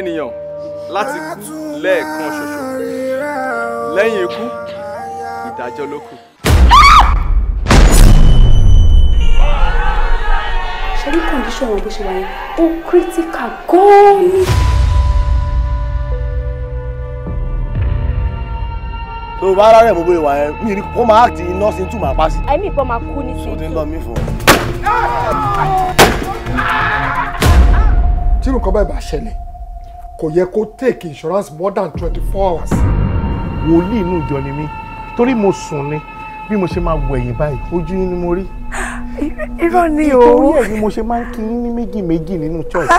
ènìyàn láti kú lẹ́ẹ̀kan ṣoṣo lẹ́yìn ikú ìdájọ́ ló kù. ṣe rí kọ̀ǹdíṣọ̀ wọn bó ṣe wáyé ó kírítíkà gan-an ni. tó o bá ara rẹ̀ gbogbo ìwà yẹn mi rí kó máa àti iná sí túmọ̀ apá sí. ẹ̀mí ìbọn máa kú ní sí. o ti ń lọ mí fún ọ. tí nǹkan bá ibà ṣẹlẹ̀ kò yẹ kó take insurance more than twenty four hours. wòlíì inú ìjọ ni mí torí mo sùn ni bí mo ṣe máa wẹ̀yìn báyìí ojú ni mo rí. irọ́ ni o. nítorí ẹ̀ ni mo ṣe máa ń kí yín ní méjì méjì nínú church.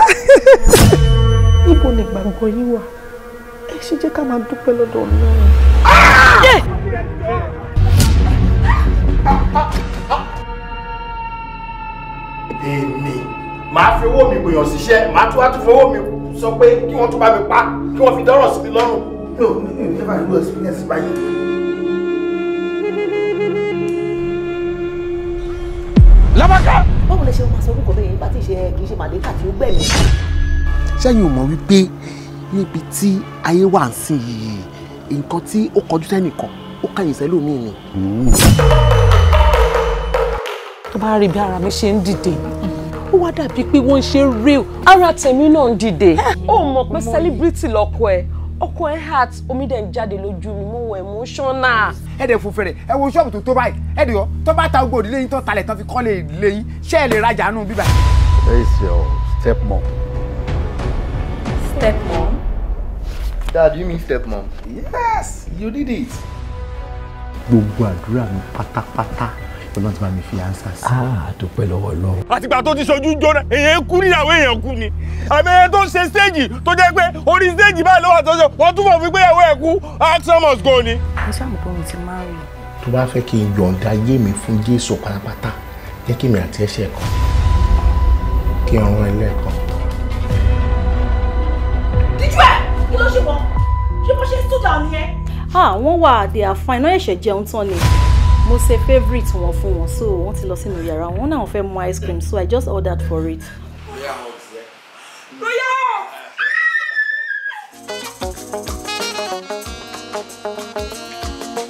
níbo ni gbàgbọ́ yín wà ẹ ṣe jẹ́ ká máa dúpẹ́ lọ́dọ̀ Ọlọ́run. èmi màá fi owó mi gbìyànjú ṣiṣẹ́ màá tún wá tún fowó mi sọ pé kí wọ́n tún bá mi pa kí wọ́n fi dọ́rọ̀ sí mi lọ́rùn. mi ò ní never do experience báyìí. lábàkà. báwo lẹ ṣe máa sọ orúkọ bẹ́ẹ̀ nígbà tí ìṣe kì í ṣe màlẹ́kà tí ó gbẹ̀mí. sẹ́yìn ò mọ̀ wípé níbi tí ayé wà ń sìn yìí nǹkan tí ó kọjú sẹ́nìkan ó kẹ̀yìn sẹ́lòmíì ni. tó bá rí bí ara mi ṣe ń dìde ó wá dàbíi pé wọ́n ń ṣe real ara tèmi náà ń dìde. ó mọ̀ pé celebrity lọ́kọ ẹ̀ ọkọ ẹ̀ heart omi dẹ̀ ń jáde lójú mi mo wọ emotional. ẹ dẹ̀ fún fèrè ẹ wo ṣọ́ọ̀bù tó tó báyìí ẹ dẹ̀ yọ tó bá ta gbogbo òdílé yín tó talẹ̀ tán fi kọ́lé ilé yín ṣé ẹ lè rajà nù bíbá. where is your stepmom. stepmom. dad you mean stepmom. yes you did it. gbogbo àdúrà mi pátápátá ọlọ́run ti máa mi fi ansa sí. a dúpẹ́ lọ́wọ́ ọlọ́run. àtìgbà tó ti sojú jóná èèyàn kú níyàwó èèyàn kú ni àbẹ̀yẹ tó ń ṣe stéèjì tó jẹ́ pé orí stéèjì báyìí lọ́wọ́ àtọ́jọ́ wọ́n túbọ̀ fi gbéyàwó ẹ̀ kú action must go ni. mo ṣàmùkọ́ mi ti máa rí. tó bá fẹ́ kí n yọ̀ǹda ayé mi fún jésù pátápátá jẹ́ kí mi àti ẹ̀ṣẹ̀ kan kí n rán ẹlẹ́ẹ̀kan. díjú ẹ kí ló ṣe mọ ṣé mo ṣe mo ṣe favourite wọn fún wọn so wọn ti lọ sínú yàrá wọn náà fẹ́ mu ice cream so i just ordered for it.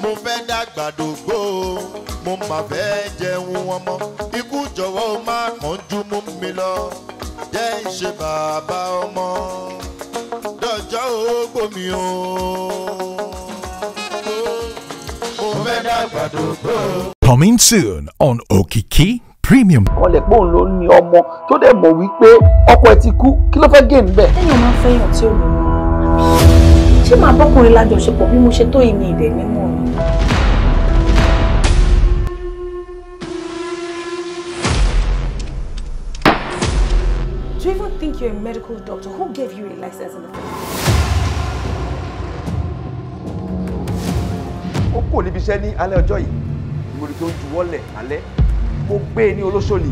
mo fẹ́ dàgbàdo mo mà fẹ́ jẹun ọmọ ikú jọ̀wọ́ má kánjú mú mi lọ jẹ́ ìṣe bàbá ọmọ dọ̀jọ́ ó gbòmí o. Coming soon on Okiki Premium. Wọ́n lè pé ló ní ọmọ tó dẹ̀ mọ̀ wípé ọkọ ẹ̀ ti kú kí ló fẹ́ gé níbẹ̀. Lẹ́yìn máa fẹ́ yàn tí ò ní mọ̀. Ṣé màá bọ́kùnrin lájọṣepọ̀ bí mo ṣe tó ìní ìdẹ̀ mímọ́ mi? Do you even think you're a medical doctor? Who gave you a license in the first place? ó kò níbi iṣẹ́ ní alẹ́ ọjọ́ yìí mo rí i tó ń juwọ́lẹ̀ alẹ́ mo gbé e ní olóṣòlì.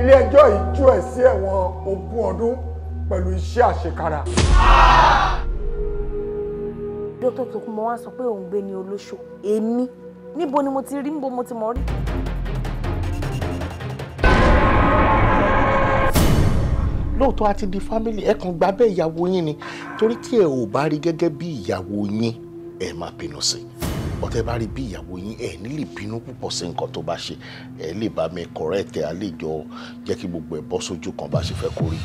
ilé ẹjọ́ yìí tú ẹ̀ sí ẹ̀wọ̀n ogún ọdún pẹ̀lú iṣẹ́ àṣekára. dókítà tó kún mọ́ wá sọ pé òun gbé e ní olóṣò èmi níbo ni mo ti rí níbo mo ti mọ̀ rí. lóòótọ́ a ti di family ẹ kàn gba bẹ́ẹ̀ ìyàwó yín ni torí tí ẹ ò bá rí gẹ́gẹ́ bí ìyàwó yín ẹ máa bínú sí ọtẹ bá rí bí ìyàwó yín ẹ nílè bínú púpọ̀ sí nǹkan tó bá ṣe ẹ lè bá mi correct ẹ àlejò jẹ́ kí gbogbo ẹ̀ bọ́ sójú kan bá ṣe fẹ́ kó rí.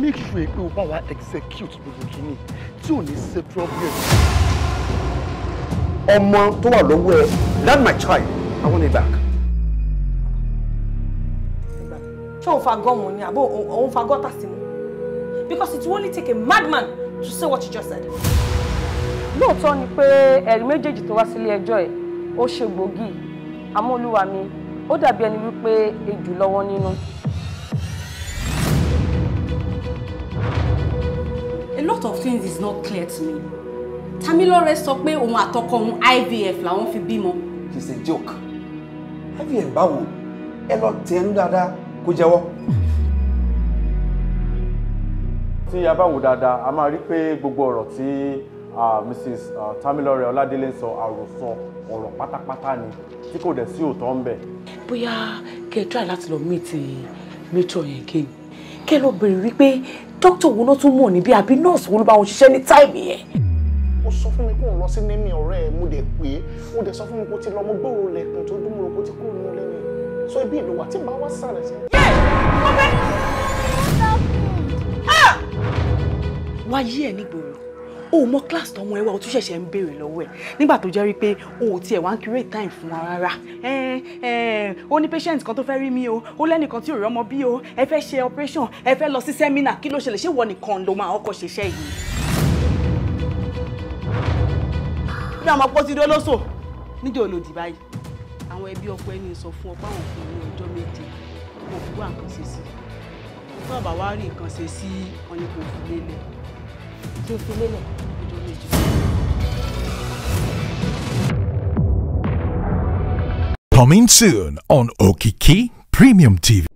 make sure pé o bá wa execute gbogbo kìíní tí ò ní ṣe problem. ọmọ tó wà lọ́wọ́ ẹ that my child I want it back. ṣé òun fa gọ́ọ̀mù ni àbí òun fa gọ́tà sí because it will only take a madman to say what you just said. lóòótọ́ ni pé ẹ̀rí méjèèjì tó wá sílé ẹjọ́ ẹ̀ ó ṣe gbòógì àmọ́ olúwa mi ó dàbí ẹni wípé ejò lọ́wọ́ nínú. a lot of things is not clear to me. Tamilore sọ pé òun àtọkọ òun IVF làwọn fi bímọ. it's a joke. IVF báwo ẹ lọ tẹ̀ ń dáadáa kó jẹ́wọ́. tí a bá wò dáadáa a máa rí pé gbogbo ọ̀rọ̀ tí Mrs Tamilore Ọládélé ń sọ àròsọ ọ̀rọ̀ pátápátá ni tí kò dẹ̀ sí òótọ́ ń bẹ̀. bóyá kẹ́ ẹ try láti lọ meet méjọ yẹn again kẹ́ ẹ lọ bèrè wípé dókítà wo ló tún mọ̀ níbí àbí nọ́ọ̀sì wo ló bá wọn ṣiṣẹ́ ní táìmì yẹn. ó sọ fún mi kó n lọ sí némi ọ̀rẹ́ ẹ̀ mo dẹ̀ pé mo dẹ̀ sọ fún mi kó ti lọ gbòòrò lẹ̀kùn tó dúró kó ti kúrò ní ọlẹ́yìn so ibi ìlú wa tí màá wá sàlẹ̀ sí. yé mo fẹ́. wá yí ẹ nígboro o mọ class tọmọ ẹ wa o tún ṣẹ̀ṣẹ̀ ń béèrè lọ́wọ́ ẹ nígbà tó jẹ́ rí pé o ò tiẹ̀ wá ń create time fún wa rárá O ní patient kan tó fẹ́ rí mi o ó lẹ́nìkan tí ò rí ọmọ bí o ẹ fẹ́ ṣe operation ẹ fẹ́ lọ sí seminar kí ló ṣẹlẹ̀ ṣé wọ nìkan ló máa ọkọ̀ ṣiṣẹ́ yìí. bí àwọn ọmọ pọ́sí dé lóṣò níjẹ́ olòdì báyìí àwọn ẹbí ọkọ ẹni sọ fún ọ páwọn fún ní ọjọ́ méje kò fún wa nǹkan ṣe sí fún àbá wa rí nǹkan ṣe sí wọn kò fi lélẹ̀. kí n fi lélẹ̀. ọjọ́ méje. Coming soon on Okiki Premium TV.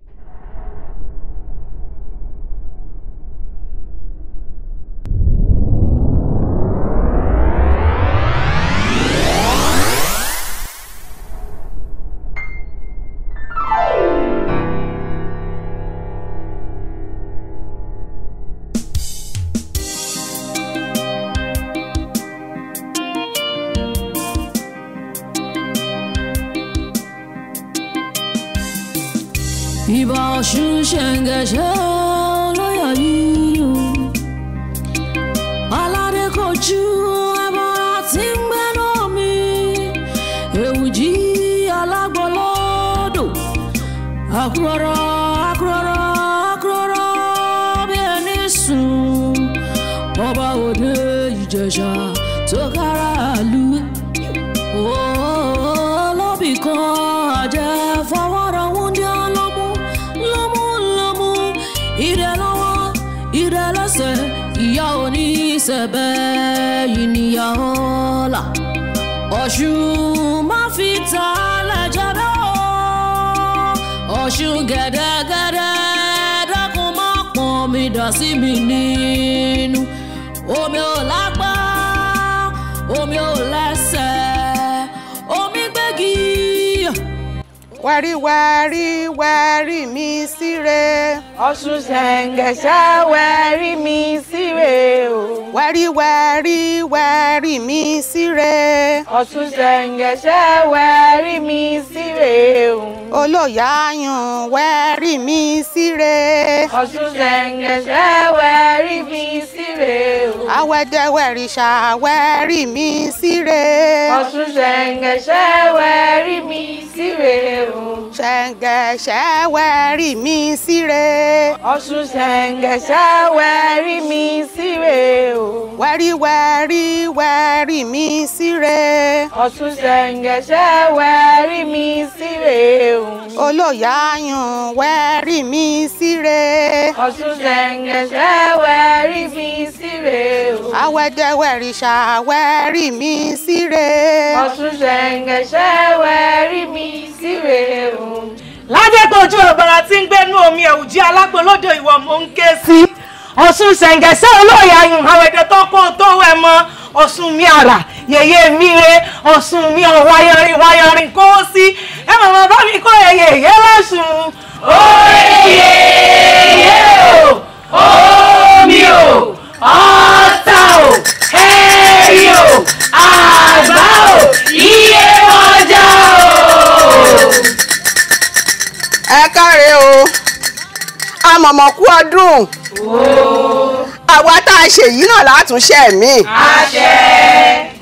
wẹ̀rí wẹ̀rí wẹ̀rí mi síre. ọ̀ṣun ṣẹ̀ǹgẹ̀ṣẹ̀ wẹ̀rí mi síre o. wẹ̀rí wẹ̀rí wẹ̀rí mi síre. ọ̀ṣun ṣẹ̀ǹgẹ̀ṣẹ̀ wẹ̀rí mi síre o olóyàyàn wẹ́rí mi síre. ọ̀ṣun ṣẹ̀ǹgẹ̀ṣẹ̀ wẹ́rí mi síre. awẹ́dẹ́ wẹ̀rìṣà wẹ́rí mi síre. ọ̀ṣun ṣẹ̀ǹgẹ̀ṣẹ̀ wẹ́rí mi síre. ṣẹ̀ǹgẹ̀ṣẹ̀ wẹ́rí mi síre. ọ̀ṣun ṣẹ̀ǹgẹ̀ṣẹ̀ wẹ́rí mi síre. wẹ́rí wẹ́rí wẹ́rí mi mi síre. ọ̀ṣun ṣẹ̀ǹgẹ̀ṣẹ̀ wẹ́rí mi síre o. olóyàyàn wẹ́rí mi síre. ọ̀ṣun ṣẹ̀ǹgẹ̀ṣẹ̀ wẹ́rí mi síre o. awẹ́dẹ́wẹ́rìṣà wẹ́rí mi síre. ọ̀ṣun ṣẹ̀ǹgẹ̀ṣẹ̀ wẹ́rí mi síre o. lájẹ́kọ̀ọ́jú ọ̀bàrà tí ń gbénú omi ẹ̀wùjí alápolódò ìwọ̀ mò ń ké sí ọ̀ṣun ṣẹ̀ǹgẹ̀ṣẹ̀ olóyàyàn àwẹ̀dẹ̀ tó kó tó wẹ̀ mọ́ ọ̀sùn mi àrà yẹ̀yẹ́ mi rẹ ọ̀sùn mi ọ̀ wáyọrin wáyọrin kó sí ẹ màmá bá mi kó yẹ̀yẹ́ yẹ́ lọ́sùn. orí yẹ̀yẹ́ o omi o ọ̀tá o ẹ̀rí o àgbá o iye ọjà o. ẹ káre o amọ̀mọ̀kú ọdún. Oh àwa tá a ṣe yìí náà látúnṣe mi. àṣẹ.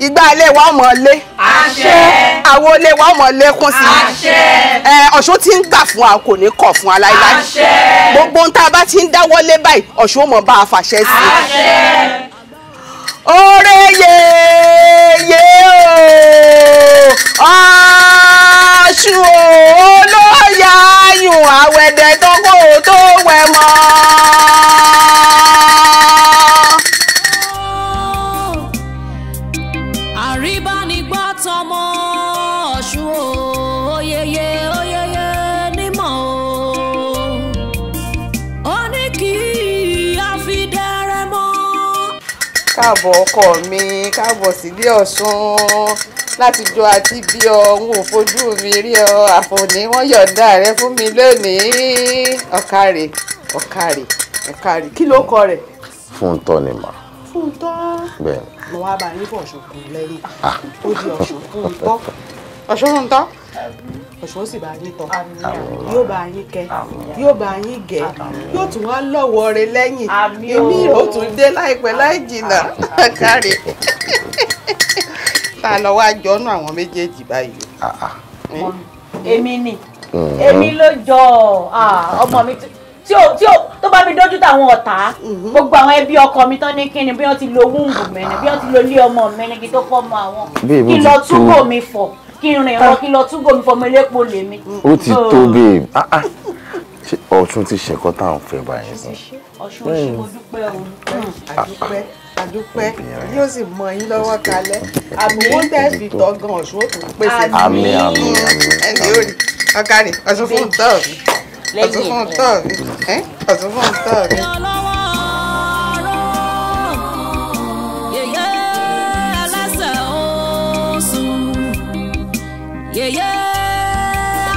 ìgbà ilé wa ọmọ lé. àṣẹ. àwọn ilé wa ọmọ lékún sí. àṣẹ. ẹ ọ̀ṣun ti ń gbà fún wa kò ní kọ̀ fún wa láíláí. àṣẹ. gbogbo ohun tá a bá ti ń dáwọ́lé báyìí ọ̀ṣun mọ̀ bá a fàṣẹ sí. àṣẹ. oore yeye o ọ̀ṣun o olóyè ayùn àwẹ̀dẹ̀ tó kò tó wẹ̀ mọ́. káàbọ̀ ọkọ mi káàbọ̀ sílé ọ̀ṣun láti jọ àti bí ọ n ò fojú mi rí ọ àfòní wọn yọ̀ǹda rẹ fún mi lónìí ọ̀kàrè ọ̀kàrè ọ̀kàrè kí ló kọ rẹ̀. Fúntọ́ ni mà. Fúntọ́. bẹ́ẹ̀ ni. mo wá bá yín bọ̀ ṣòkun lẹ́yìn ah. ó di ọ̀ṣun fún tọ́ ọ̀ṣun fún tọ́ ọ̀ṣun ó sì bá yín kọ́ yóò bá yín kẹ́ yóò bá yín gẹ̀ yóò tún wá lọ́wọ́ rẹ lẹ́yìn èmi ò tún dé láìpẹ́ láì jìnnà káre tá a lọ wá jọ́nú àwọn méjèèjì báyìí. Ah, ah. èmi ni mm-hmm. èmi ló jọ ah, ọmọ mi tí o tí o tó bá mi dójú táwọn ọ̀tá mm-hmm. gbogbo àwọn ẹbí ọkọ mi tán ní kíni bí wọ́n ti lo wúńgù mẹ́ni bí wọ́n ti lo ilé ọmọ mẹ́ni kí tó pọ̀ mọ́ àwọn kí lọ túbọ̀ mi fọ̀ kí n rìn ọ kí lọ tún gòmí fọmọ elépo lèmi. ó ti tó babe ah, ah. ọ̀tún ti ṣẹ̀kọ́ tá à ń fẹ́ báyìí sí. ọ̀ṣun ṣe mo dúpẹ́ o. àdúpẹ́ hmm, àdúpẹ́ yóò sì mọ yín lọ́wọ́ kalẹ̀ àmì wọn tẹ̀ fi tọ́ gan ọ̀ṣun ó tún pèsè. àmín àmín àmín. ẹnì yóò rí ọkàrí ọ̀ṣun fún tọ́ọ̀ mi ọ̀ṣun fún tọ́ọ̀ mi ọ̀ṣun fún tọ́ọ̀ mi. yèyé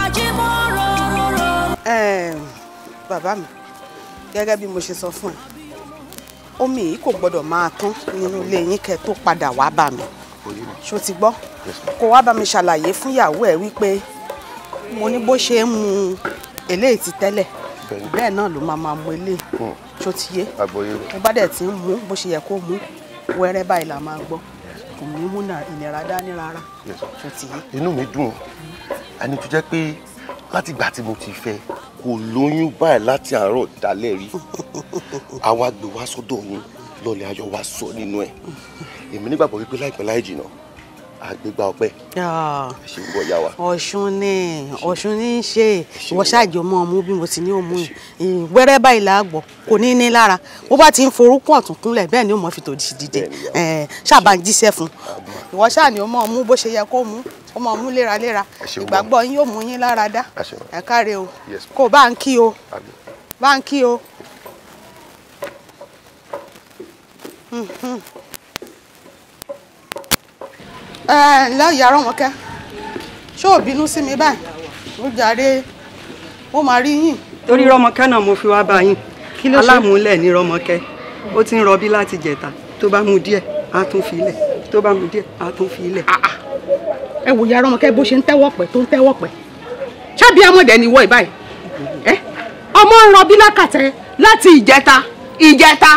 ajímọ̀rọ̀rọ̀rọ̀. bàbá mi gẹ́gẹ́ bí mo ṣe sọ fún ẹ omi yìí kò gbọ́dọ̀ máa tán nínú ilé yín kẹ́ tó padà wá bá mi ṣó ti gbọ́ kó wá bá mi ṣàlàyé fún ìyàwó ẹ wípé mo ní bó ṣe ń mu eléyìí ti tẹ́lẹ̀ bẹ́ẹ̀ náà ló máa máa mu eléyìí hmm. ṣó ti yé mo bá dẹ̀ ti ń mu bó ṣe yẹ kó mu wẹ́rẹ́ báyìí là máa gbọ́ kò ní mú ìnira dání rárá tó ti yé. inú mi dùn ẹni tó jẹ́ pé láti ìgbà tí mo ti fẹ́ kò lóyún báyìí láti àárọ̀ dalẹ́ rí àwa gbé wá sọ́dọ̀ yín lọ́lẹ̀ ayọ̀ wá sọ nínú ẹ̀ èmi nígbàgbọ́ wípé láìpẹ́ láì jìnnà àgbégbá ọpẹ́ ṣe ń bọ̀ yá wa. ọ̀ṣun ni ọ̀ṣun ní í ṣe ìwọ ṣáàjì ọmọ ọmú bí mo ti ní òmù yìí wẹ́rẹ́ báyìí láàgbọ̀ kò ní ní lára bó bá ti ń forúkún ọ̀tún bẹ́ẹ̀ ni ó mọ̀ fi tòdì dìde ṣàbá jíṣẹ́ fún ìwọ ṣáà ni ọmọ ọmú bó ṣe yẹ kó mú ọmọ ọmú léraléra ìgbàgbọ́ yín yóò mú yín lára dá ẹ káre o kò bá ń kí o bá ń kí o. Hm, hm. ǹlẹ́ ìyá Rọ́mọkẹ́ ṣó ò bínú sí mi báyìí ó jàre ó máa rí yín. torí rọmọkẹ náà mo fi wá bá yín alámúlẹ̀ ní rọmọkẹ, ó ti ń rọbí láti jẹ̀ta tó bá mu díẹ̀ á ilẹ̀ tó bá mu díẹ̀ á tún fi ilẹ̀. Ah, ah. ẹ wò bó ṣe ń tẹ́wọ́ tó ń tẹ́wọ́ ni ọmọ ń rọbí lákàtẹ láti ìjẹta ìjẹta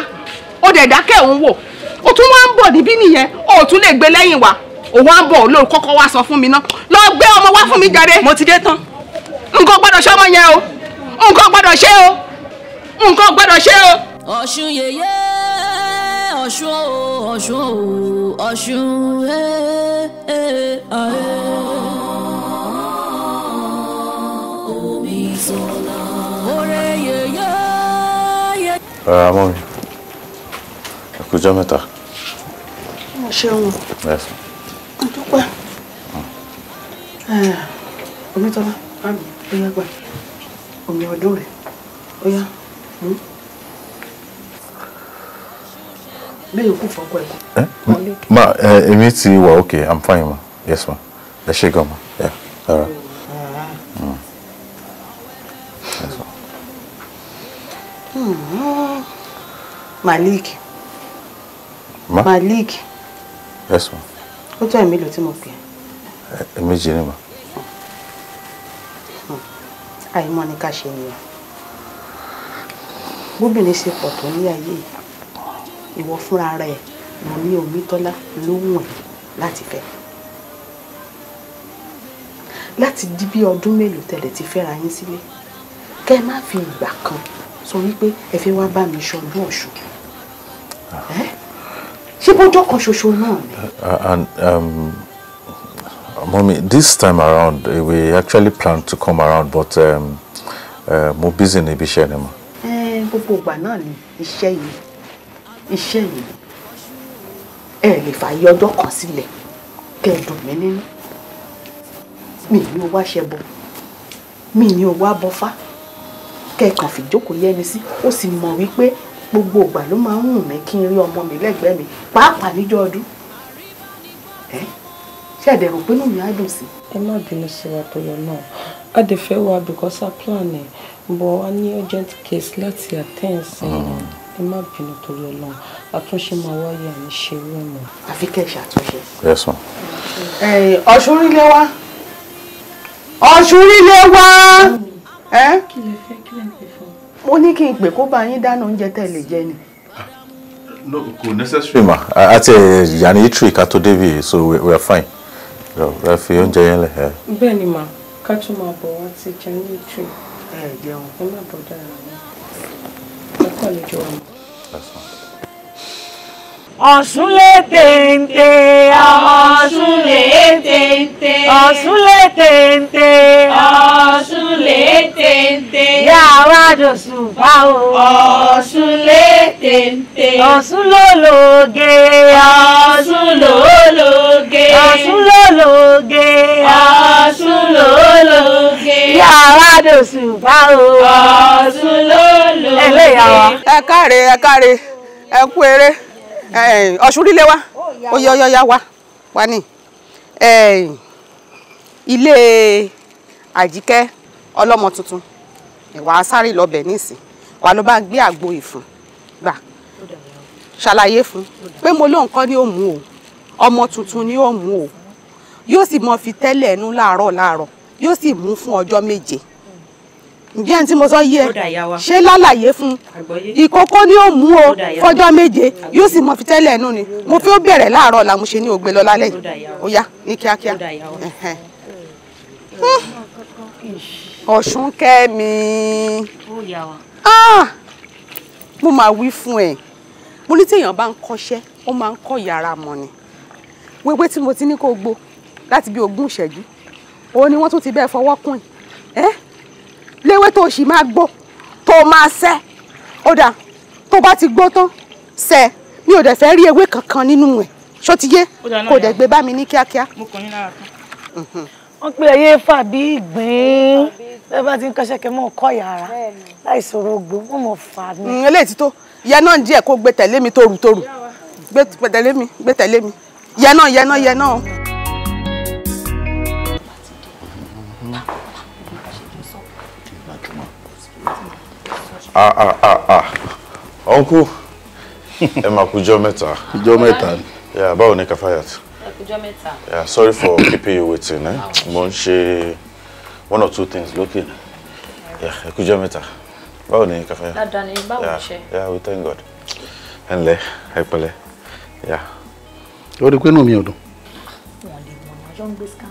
òun á ń bọ̀ olóòrùn kọ́kọ́ wá sọ fún mi náà lọ gbé ọmọ wá fún mi jáde. mo ti dé tán. nǹkan gbọ́dọ̀ ṣe ọmọ yẹn o nǹkan gbọ́dọ̀ ṣe o nǹkan gbọ́dọ̀ ṣe o. ọ̀ṣun yèyé ọ̀ṣun o ọ̀ṣun o ọ̀ṣun ee e, e. omi sọ̀la. ọ̀rẹ́ yèyé. ara mọ́ mi ẹ̀kú jẹ́ mẹ́ta. mo ṣeun dúpẹ́ eh, omitola mami ó yá gbà omi ọdún rẹ̀ ó yá mú lẹ́yìn fọ́kọ ẹ̀. Eh, ma eh, èmi ti wà okay i'm fine ma yes ma ẹ ṣe gan ma ẹ rárá. Hmm. Hmm. Malik. Ma? Malik. Yes, ma ó jẹ́ ìmélòó tí mo pè é. ẹ̀ẹ̀mejì ni mà. Hmm. àìmọ̀ ni ká ṣe nìyẹn bóbìnrin ṣe pọ̀ tó ní ayé yìí ìwọ fúnra rẹ̀ mo ní omítọ́lá lóhùn ẹ̀ láti fẹ́ láti di bí ọdún mélòó tẹ̀lé ti fẹ́ra yín sílé kẹ́ ẹ má fi ìgbà kan sọ wípé ẹ fẹ́ wá bá mi ṣọdún ọ̀ṣun. Ah ṣé bọ́jọ́ kan ṣoṣo náà uh, uh, and um, mommy this time around eh, we actually plan to come around but um, uh, mo busy níbi iṣẹ́ ni mo. gbogbo ìgbà náà ni iṣẹ́ yìí iṣẹ́ yìí ẹ lè fààyè ọjọ́ kan sílẹ̀ kẹ́ẹ̀dùn mí nínú mi ní o wá ṣẹbọ mi ní o wá bọfá kẹ́ẹ̀kan fìjókòó yẹni sí ó sì mọ̀ wípé gbogbo ìgbà ló máa ń wù mí kí n rí ọmọ mi lẹ́gbẹ̀ẹ́ mi pàápàá níjọ́ ọdún ẹ ṣe ẹ̀dẹ̀ rò pé nùmí á dùn sí. ẹ má bínú sí wa tó yọ náà a dẹ̀ fẹ́ wa because our plan ẹ̀ bọ̀ a ní urgent case láti attend sí hmm. ẹ má bínú torí ọlọ́run àtúnṣe máa wáyé àmì ṣe irú ẹ̀ mọ́. àfi kẹ́ ẹ ṣàtúnṣe. ẹ sàn. ọ̀ṣun rí lẹ́wà ọ̀ṣun rí lẹ́wà. kí lè fẹ́ kí lè fẹ́ mo ní kí n pè kó bá yín dáná oúnjẹ tẹ́ lè jẹ ni. no kò necessary ma àti yanni itri ká tó débi so we, are fine ẹ fi oúnjẹ yẹn lẹ. bẹ́ẹ̀ ni ma ká tún máa bọ̀ wá ti jẹun ní itri ẹ jẹun ẹ má bọ̀ dára ẹ kọ́ lè jọ wọn. Ọ̀ṣun lé téńté. Ọ̀ṣun lé téńté. Ọ̀ṣun lé téńté. Ọ̀ṣun lé téńté. Yá wá dòṣùn bá o. Ọ̀ṣun lé téńté. Ọ̀ṣun ló lóge. Ọ̀ṣun ló lóge. Ọ̀ṣun ló lóge. Ọ̀ṣun ló lóge. Yá wá dòṣùn bá o. Ọ̀ṣun ló lóge. Ẹlẹ́yàwó. Ẹ káre ẹ káre ẹ kú eré. Eh, ọ̀ṣunrílé wa oyè ọyọ́yá wa wa ni eh, ilé àjíkẹ́ ọlọ́mọ tuntun wàá sáré lọ́bẹ̀ nísìn wà ló bá gbé àgbo ìfún gbà ṣàlàyé fún pé mo lóun kọ́ ni ó mú o ọmọ tuntun ni ó mú o yóò sì mọ fi tẹ́lẹ̀ ẹnu láàárọ̀ láàárọ̀ yóò sì mú fún ọjọ́ méje ǹjẹ́ ẹni tí mo sọ yí ẹ ṣé lálàyé fún ìkókó ni ó mú o fọjọ́ méje yóò sì mọ fi tẹ́lẹ̀ ẹnu ni mo fi ó bẹ̀rẹ̀ láàárọ̀ ọ̀la mo ṣe ní ògbé lọ lálẹ́ yìí ó yá ní kíákíá. ọ̀ṣun kẹ́mi ah! mo máa wí fún ẹ mo ní téèyàn bá ń kọ́ṣẹ́ ó máa ń kọ́ yàrá mọ̀ ni wéwé tí mo ti ní kó gbó láti bí ogún ìṣẹ́jú òun ni wọ́n tún ti bẹ́ẹ̀ fọwọ́ kùn ẹ́ léwé tó o sì máa gbó tó o máa sẹ́ ó dà tó o bá ti gbó tán sẹ́ mi ò dẹ̀ fẹ́ rí ewé kankan nínú ẹ̀ ṣó ti yé kò dẹ̀ gbé bá mi ní kíákíá. mo kàn yín lára kan. Mhm. wọ́n pe ẹyẹ fà bí ìgbín bẹ́ẹ̀ bá ti ń kọ́ṣẹ́kẹ́ mọ́ ọkọ yàrá láì sọ̀rọ̀ ogbó wọ́n mọ̀ fà ní. Mhm, eléyìí ti tó yẹ náà díẹ̀ kó gbé tẹ̀lé mi torutoru gbé tẹ̀lé mi gbé tẹ̀lé mi yẹ náà yẹ náà yẹ náà. ah ah ah ah uncle ẹ máa kú jọ́ mẹ́ta. jọ́ mẹ́ta. yeah báwo ni Kafayat. ẹ kú jọ́ yeah sorry for keeping you waiting eh? mo ń ṣe one or two things lókè yeah ẹ kú jọ́ mẹ́ta báwo ni Kafayat. dáadáa ni báwo ni ṣe. yeah we thank God ẹ ǹlẹ́ ẹ pẹ̀lẹ́ yeah. ó rí i pé inú mi ò dùn. wọn lè mọ ọjọ́ ń gbé scan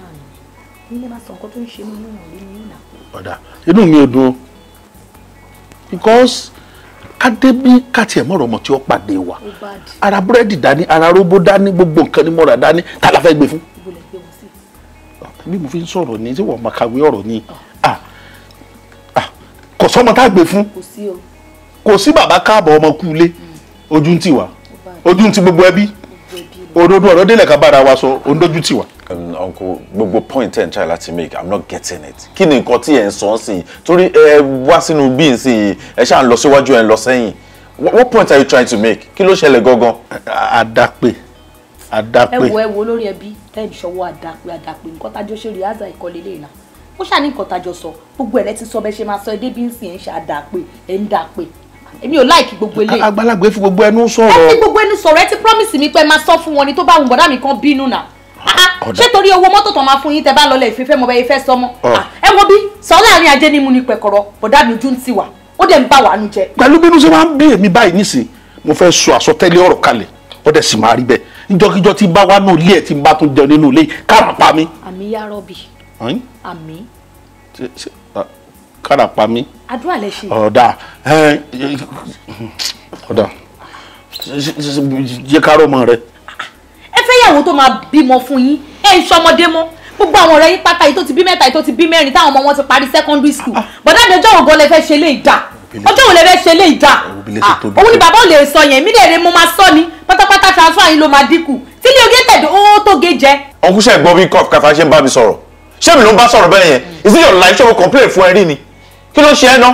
ní ní bá sọ nǹkan tó ń ṣe mí inú mi ò dùn. ọ̀dà inú mi ò dùn o because kádébí káti ẹ̀ mọ̀rọ̀ ọmọ tí ó pàdé wa ara búrẹ́dì dání ara róbó dání gbogbo nǹkan ni mo rà dání tá la fẹ́ gbé fún. Ah, bí mo fi ń sọ̀rọ̀ ni tí wọ́n máa kàwé ọ̀rọ̀ ni ah. Ah, kò sọ́mọ tá a gbé fún kò sí bàbá káàbọ̀ ọmọ kú ilé mm. ojú ń tì wá ojú ń tì gbogbo ẹbí òdodo ọ̀rọ̀ délẹ̀ ká bára wa sọ òun dójú tì wá uncle gbogbo point ten try láti make i'm not getting it kí ni nǹkan tí ẹ̀ ń sọ sí i torí ẹ wá sínú bí n sí i ẹ ṣáà ń lọ síwájú ẹ ń lọ sẹ́yìn what point are you trying to make kí ló ṣẹlẹ̀ gangan. àdàpè àdàpè. ẹ wo ẹ wo lórí ẹbí tẹ́ ẹ ṣọwọ́ àdàpè àdàpè nǹkan tájọ́ ṣe rí àzà ìkọlẹ̀ lè nà ó ṣàní nǹkan tájọ́ sọ gbogbo ẹ̀rẹ́ ti sọ bẹ́ẹ̀ ṣe máa sọ ẹ débi ń sìn ẹ̀ ń ṣe àdàpè ẹ̀ ń dàpè èmi ò láìkí gbogbo eléyìí. àgbàlagbé fi gbogbo ẹnu sọ̀rọ̀. ẹ fi gbogbo ẹnu sọ̀rọ̀ ẹ ti promise mi pé ẹ máa sọ fún wọn ni tó bá wù bọ́dá mi kan bínú náà ṣé torí owó mọ́tò tán máa fún yín tẹ bá lọlẹ̀ ìfẹ́fẹ́ mọ́ bẹ́ẹ̀ fẹ́ sọmọ ẹ wo bí sọ láàrin ajé ní mu ní pẹ̀kọ̀rọ̀ bọ̀dá mi ojú ń ti wà ó dẹ̀ ń bá wàánu jẹ. pẹ̀lú bí musa máa ń bí èmi báyìí nísìn mo fẹ́ sọ àsọtẹ́lẹ̀ ọ̀rọ̀ kalẹ̀ ó dẹ̀ sì máa rí bẹ́ẹ̀ níjọ́kíjọ́ tí bá wà náà ilé ẹ̀ tí bá tún jẹun nínú ilé kára pa mí. àmì yá rọ́bì. àmì níyàwó tó máa bímọ fún yín ẹ̀ ń ṣọmọdé mọ́ gbogbo àwọn ọ̀rẹ́ yín pátá yìí tó ti bí mẹ́ta yìí tó ti bí mẹ́rin táwọn ọmọ wọn ti parí secondary school ah. bọ̀dá àdéjọ́ ògùn lè fẹ́ ṣe lè dà ọjọ́ òun lè fẹ́ ṣe lè dà ah, òun ni bàbá ò lè sọ yẹn mí lè rè mo máa sọ ni pátápátá transfer yìí ló máa dínkù tí ilé oge tẹ̀dọ̀ ó tó ge jẹ. ọkùnṣẹ́ gbọ́ bí kọ́ọ̀fù káfá ṣe ń bá mi sọ̀rọ̀ ṣé mi ló ń bá sọ̀rọ̀ bẹ́ẹ̀ yẹn is it your life ṣé mo complain fún ẹ rí ni kí ló ṣe ẹ ná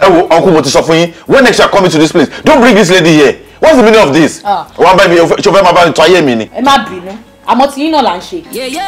ẹ wo uncle mo ti sọ fún yín when next you are to this place don't bring this lady here what's the meaning of this. Ah. wọ́n bá mi ṣe fẹ́ máa bá mi tọ́ ayé mi ni. ẹ má bínú àmọ́ tí yín náà là ń ṣe. yèyé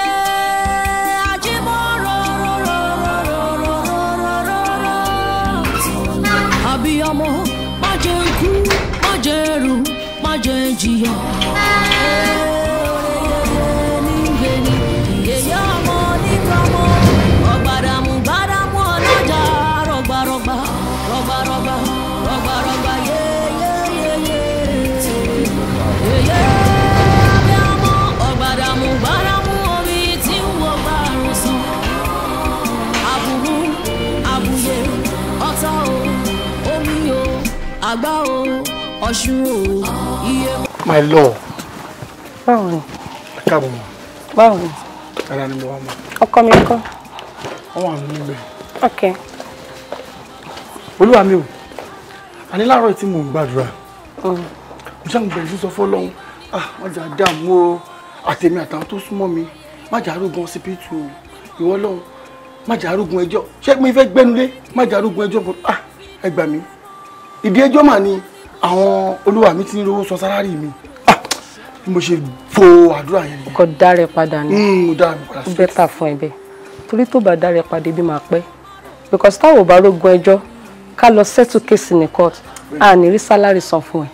ọ̀ṣun o iye. my love. báwo ni. ẹ káàbọ̀ mọ́. báwo ni. ara ni mo wá mọ́. ọkọ mi kọ́. wọ́n wà nínú ibẹ̀. ok. olúwa mi o àní láàárọ̀ tí mò ń gbàdúrà oh. mo ṣáà ń bẹ̀rẹ̀ sí sọ fọ́lọ́hún wọ́n ah, jà dààmú o àtẹ̀mí àtàwọn tó súnmọ́ mi má jà arúgbó ọsibítù ìwọ lọ́hún má jà arúgbó ẹjọ́ ṣé mi fẹ́ gbẹ́nulé má jà arúgbó ẹjọ́ ah ẹ gbà mí ìdí ẹjọ́ mà ni àwọn olúwa mi ti ń rówó san sálárì mi ah, bí mo ṣe bo àdúrà yẹn nìyẹn. ọkọ dára ẹ padà ni hmm, mo dára mi padà sí. ó bẹ́tà fún ẹ bẹ́ẹ̀ torí tó bá dára ẹ padà bí máa pẹ́ because táwọn ò bá rógun ẹjọ́ ká lọ settle case ní court a ní rí sálárì san fún ẹ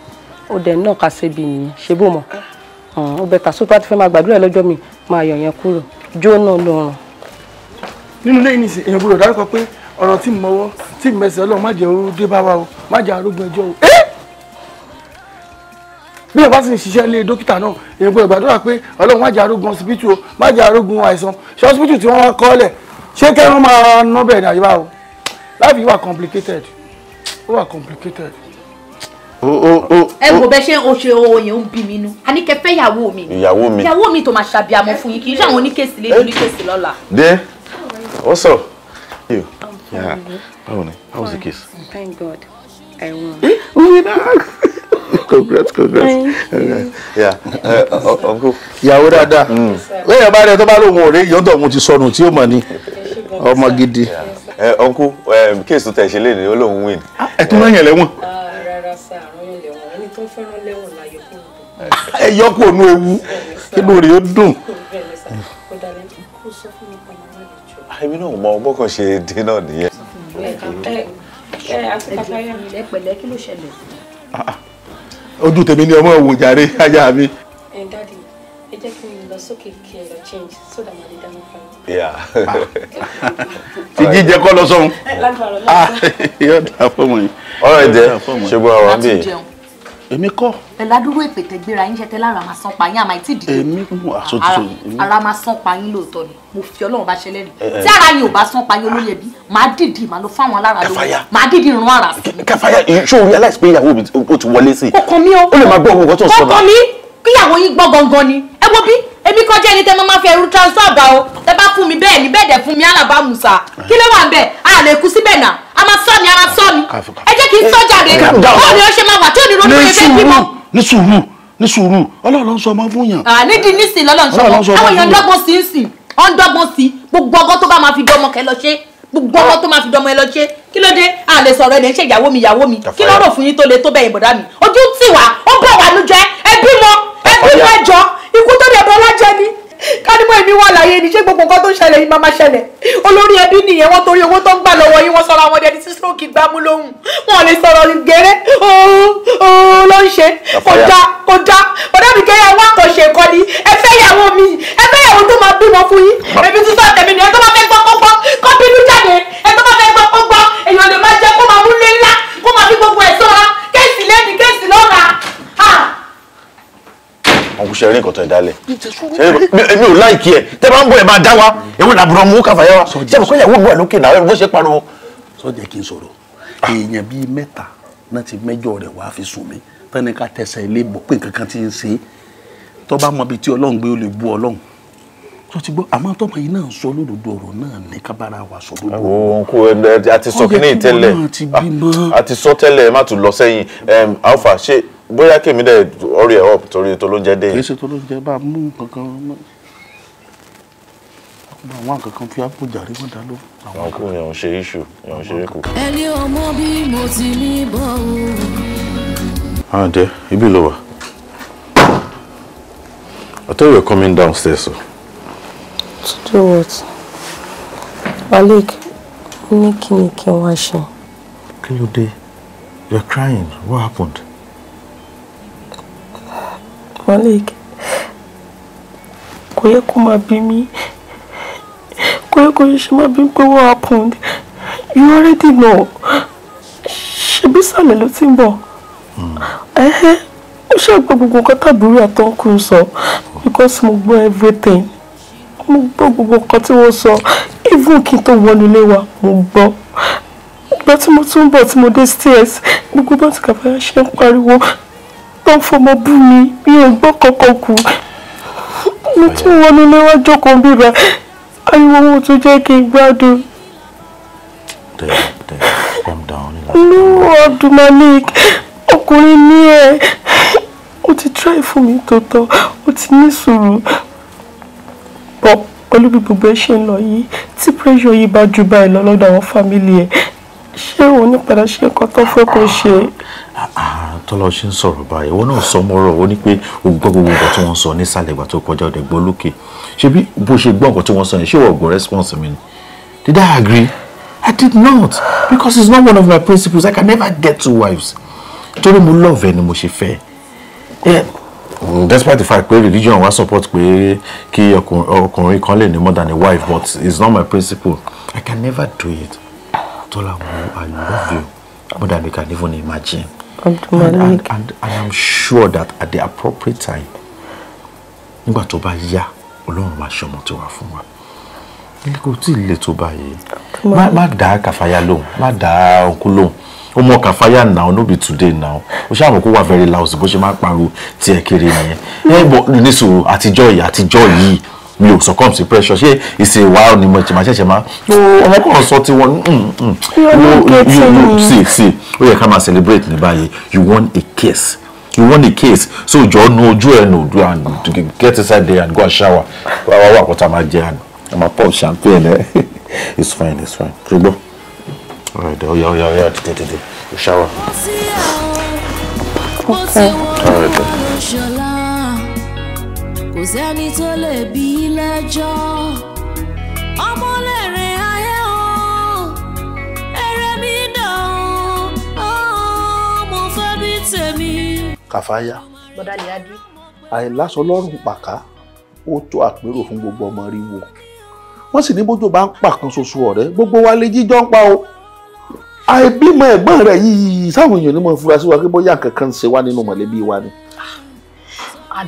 ó dẹ̀ náà ká ṣe bí nìyẹn ṣe bó mọ̀ hmm, ó bẹ́tà sótú àti fẹ́ máa gbàdúrà ẹ lọ́jọ́ mi máa yọ̀ yẹn kúrò jó náà lọ́rùn. nínú lẹ́yìn nìsín èèyàn gbọ́dọ̀ dárúkọ pé ọ̀ràn tí mo mọwọ́ tí mo mẹsẹ̀ ọlọ́run má jẹ́ ó dé bá wa o má jẹ́ arógun ẹjọ́ o. ẹ́ eh! bí èèyàn bá sì ń ṣiṣẹ́ lé dókítà náà èèyàn gbọ́dọ̀ gbàdúrà pé ọlọ́run má jẹ́ arógun hospital o má jẹ́ arógun àìsàn ṣé hospital tí wọ́n kọ́ lẹ̀ ṣé kẹ́rún máa ná bẹ́ẹ̀ ní àyíká o life yìí wà complicated ó wà complicated. ẹ wo bẹ ṣe o ṣe oyè ń bí mi inú a ní kẹ́ fẹ́ ìyàwó mi ìyàwó mi ìyàwó mi tó máa ṣàbíamọ fún yín kì í ṣe àwọn oníkèsì lé oníkèsì lọ́la. dé ó sọ. báwo ni how was the case. thank god i won. Eh, congrats congrats uh, uh, ìyàwó dáadáa lẹ́yìn mm. bá rẹ tó bá lóun ò rí yọ̀ǹtọ̀ òun ti sọnù tí ó mọ̀ ni ọmọ gidi. ọ̀nkú kéèsì tó tẹ̀ ṣe lé ní olóhùn win. Ah, ẹ tún lọ́yìn lẹ́wọ̀n. Ah, rárá sí àrùn lẹ́wọ̀n ẹni tó fẹ́ràn lẹ́wọ̀n láyọ̀ kó dùn. ẹ yọ kó nu ewu kí ló rí ó dùn. Ah, èmi náà mọ ọgbọ́n kan ṣe dín náà nìyẹn. ẹ ẹ àti kàfáyà pẹ̀lẹ́ kí ló ṣẹlẹ̀ ojú tèmi ni ọmọ òwò jàre ajá mi. Eh, ẹ dáàdi ẹ lọ sókè kí ẹ lọ so that màá lè dáná fún mi. ti jíjẹ kọ́ lọ sọ́hun. lágbára lágbára. Ah, yóò dáa fún mi. ṣe bó ara wọn bí èmi kọ́. pẹ̀lú adúrú èpè tẹ́gbéra yín ṣẹtẹ́ lára máa san payín àmà ìtì ìdíje. èmi mú aṣọ tuntun. ara máa san payín lóòótọ́ ni mo fi ọlọ́run bá ṣẹlẹ̀ rí. tí ara yín ò bá san payín olóyè bí màá dìdì màá lọ fáwọn alára lówó màá dìdì rún ara sí. kẹfàyà ṣó o realize pé ìyàwó O ó ti wọlé sí i. kọkàn mi o. ó lè máa gbọ́ ohun kan tó ń sọ kíyàwó yín gbọ́ gangan ni ẹ wo bí èmi kọ́ jẹ́ ẹni tẹ́ máa fi ẹrú transfer gbà o tẹ́ bá fún mi bẹ́ẹ̀ ni bẹ́ẹ̀ dẹ̀ fún mi alaba musa kí ló wà bẹ́ẹ̀ a lè kú síbẹ̀ náà a máa sọ ni a máa sọ ni ẹ jẹ́ kí n sọ jáde báwo ni ó ṣe máa wà tí ò ní ronú pé bẹ́ẹ̀ bímọ. ní sùúrù ní sùúrù ọlọ́run sọ ọmọ fún yàn. nídìí nísìn lọ́lọ́run sọ ọmọ àwọn èèyàn dọ́gbọ́n sí sí wọ́n dọ́gbọ́n sí gbogbo ọgọ́ tó bá máa fi dọ́mọ kẹ lọ ṣe gbogbo ọmọ tó máa fi dọmọ ẹ lọ ṣe kí ló dé a lè sọ̀rọ̀ ẹni ṣe ìyàwó mi ìyàwó mi kí ló rò fún yín tó le tó bẹ́ẹ̀ bọ̀dá mi ojú tì wá ó bọ̀ wá nu jẹ ẹbí mọ bí mẹ́jọ ikú tó dẹ̀ bọ́lá jẹ ni kánimọ̀ èmi wà láyé ni ṣé gbogbo nǹkan tó ń ṣẹlẹ̀ yìí máa máa ṣẹlẹ̀ olórí ẹbí nìyẹn wọ́n torí owó tó ń gbà lọ́wọ́ yín wọ́n sọ̀rọ̀ àwọn ẹni tí stroke gbámú lóhùn wọn ò lè sọ̀rọ̀ gẹ́rẹ́ láìkí ẹ̀ tẹ́ bá ń bọ̀ ẹ̀ máa dá wa èwo làbùrọ̀ mú káfàyà wa ṣé kò yàwó ìwọ lókè náà bó ṣe pariwo. sọjẹ kí n sọ̀rọ̀ èèyàn bíi mẹ́ta náà ti mẹ́jọ rẹ̀ wàá fi sùn mí tẹni ká tẹsẹ̀ ilé bọ̀ pé nǹkan kan ti ń ṣe tó bá mọ ibi tí Ọlọ́run gbé ó lè bú Ọlọ́run tó ti gbọ́ àmọ́ tọ́mọ yìí náà sọ lódodo ọ̀rọ̀ náà ní kábàárà wa sọ lódodo. àwọn nkú ẹ a sọ kí ìtẹ́lẹ̀ ah, a ti sọ tẹ́lẹ̀ má tún lọ sẹ́yìn alfa ṣe bóyá kèmí dẹ̀ ọ̀rẹ́ ẹ̀ ọ̀p torí tó ló kì í ṣe tó bá a mú nǹkan kan máa wá nǹkan kan jàre wọn dá lóhùn. àwọn kò yàn ṣe iṣu yàn ṣe kù. ẹni ọmọ bí mo ti ní bọ́ o. àǹtẹ ibi ló wà. I thought you were coming downstairs. So. To do what? Malik, ní kí ni kí n wá ṣe? Kí ló dé? You are crying. What happened? Malik, kò yẹ kó máa bí mi koríko yìí ṣe máa bí pé what happened you already know ṣebí sàlẹ̀ ló ti ń bọ̀ ẹ̀hẹ́ ó ṣe àgbà gbogbo nǹkan tàbúrò àtọ́kùn sọ because mo gbọ́ everything mo gbọ́ gbogbo nǹkan tí wọ́n sọ even kí n tó wọnú ilé wa mo gbọ́ ìgbà tí mo tún bọ̀ tí mo dé stairs gbogbo bá ti kàfẹ́ ṣe ń pariwo tó ń fọmọ bú mi mi ò gbọ́ kankan kù mo tún wọnú ilé wa jókòó bíbá ariwo wọn tún jẹ́ kí n gbádùn. no Abdulmalik ọkùnrin ní ẹ ó ti try fún mi tòótọ́ ó ti ní sùúrù bọ́ pẹ̀lú bí gbogbo ẹ ṣe ń lọ yìí tí pressure yìí bá ju báyìí lọ lọ́dọ̀ àwọn fámìlì ẹ̀ ṣé òun ní padà ṣe nǹkan tó fẹ́ kó ṣe. Ah, ah, tọ́lọ́ ṣe ń sọ̀rọ̀ báyìí ìwọ náà sọ mọ́rọ̀ ó ní pé o gbọ́ gbogbo nǹkan tí wọ́n sọ nísàlẹ̀ ìgbà tó kọjá ọ̀dẹ̀ gbọ́ lókè ṣé bí bó ṣe gbọ́ nǹkan tí wọ́n sọ yẹn ṣé wọ́n gbọ́ response mi ni did I agree I did not because it's not one of my principles I can never get two wives torí mo love ẹ ni mo ṣe fẹ́ ẹ mm, despite the fact pé religion wa support pé kí ọkùnrin kan lè ní more than a wife but it's not my principle I can never do it Tola mo I love you more than you can even imagine and, and, and, and I'm sure that at the appropriate time nígbà tó bá yá Ọlọ́run máa ṣọmọ tí wàá fún wa ilé kò tí ì le tó báyìí má dá kàfáyà lóhùn má dá òkú lóhùn ó mọ kàfáyà now no be today now ó ṣàmù kó wà very loud. bó ṣe máa ń pariwo tiẹ̀ kiri nìyẹn ẹ bọ̀ nísòro àtijọ́ yìí àtijọ́ yìí mi ò succumb sí pressure ṣé ìsìn ìwà ni mo ṣẹ̀ṣẹ̀ ṣẹ̀ṣẹ̀ máa ọmọkùnrin sọ mm, mm, mm. You, you, sí see, ó yẹ ká máa celebrate ní báyìí you want a kiss you want a kiss so jọ nu ojú ẹ nù do and get inside there and go and shower wàá wà kọ́ta máa jẹ àná àmà paul champagne ẹ it's fine it's fine ṣùgbọ́n ọ̀rẹ́dẹ̀ ọ̀yà ọ̀yà ọ̀yà tètè tètè shower. All right sẹ́ni tó lè bí lẹ́jọ́ ọmọ lẹ́rìn ayé o eré mi dàn ó mo fẹ́ bí tèmi. kàfáyà. bọ́dà lè adé. àìláṣọ lọ́rùn pàká ó tó àpérò fún gbogbo ọmọ rí wo wọ́n sì ní bójú bá ń pàkan ṣoṣo ọ̀rẹ́ gbogbo wa lè jíjọ́ ń pa o àìbímọ ẹ̀gbọ́n rẹ̀ yìí sáwọn èèyàn ní mo fura sí wa pé bóyá kankan ń ṣe wá nínú mọ̀lẹ́bí wa ni. a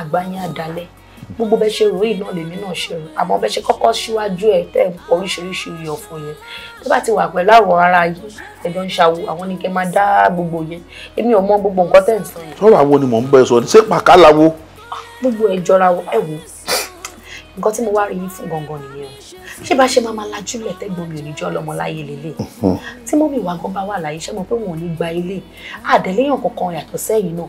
àgbà yẹn àdálẹ́ gbogbo bẹ ṣe rò yìí náà lèmi náà ṣe rò àmọ́ bẹ ṣe kọ́kọ́ síwájú ẹ tẹ ń pọ oríṣiríṣi iyọ̀ fún yẹn tó bá ti wà pẹ̀lú àwọ̀ ara yìí ẹ̀dọ̀ ń ṣàwò àwọn ni kẹ́ máa dá gbogbo yẹn èmi ò mọ gbogbo nǹkan tẹ̀ ń sọ yẹn. sọ̀rọ̀ àwo ni mò ń bẹ sọ ṣé pàkálà wo. gbogbo ẹ jọra ẹ wò nǹkan tí mo wá rí yín fún gangan nìyẹn o ṣé bá ṣe máa máa lajú lẹ̀ tẹ́gbọ̀n mi ò ní jẹ́ ọlọ́mọ láyé lélẹ̀ tí mọ́mì wa gan bá wà láyé ṣé mo pé wọn ò ní gba ilé àdẹ́lẹ́yàn kankan yàtọ̀ sẹ́yìn náà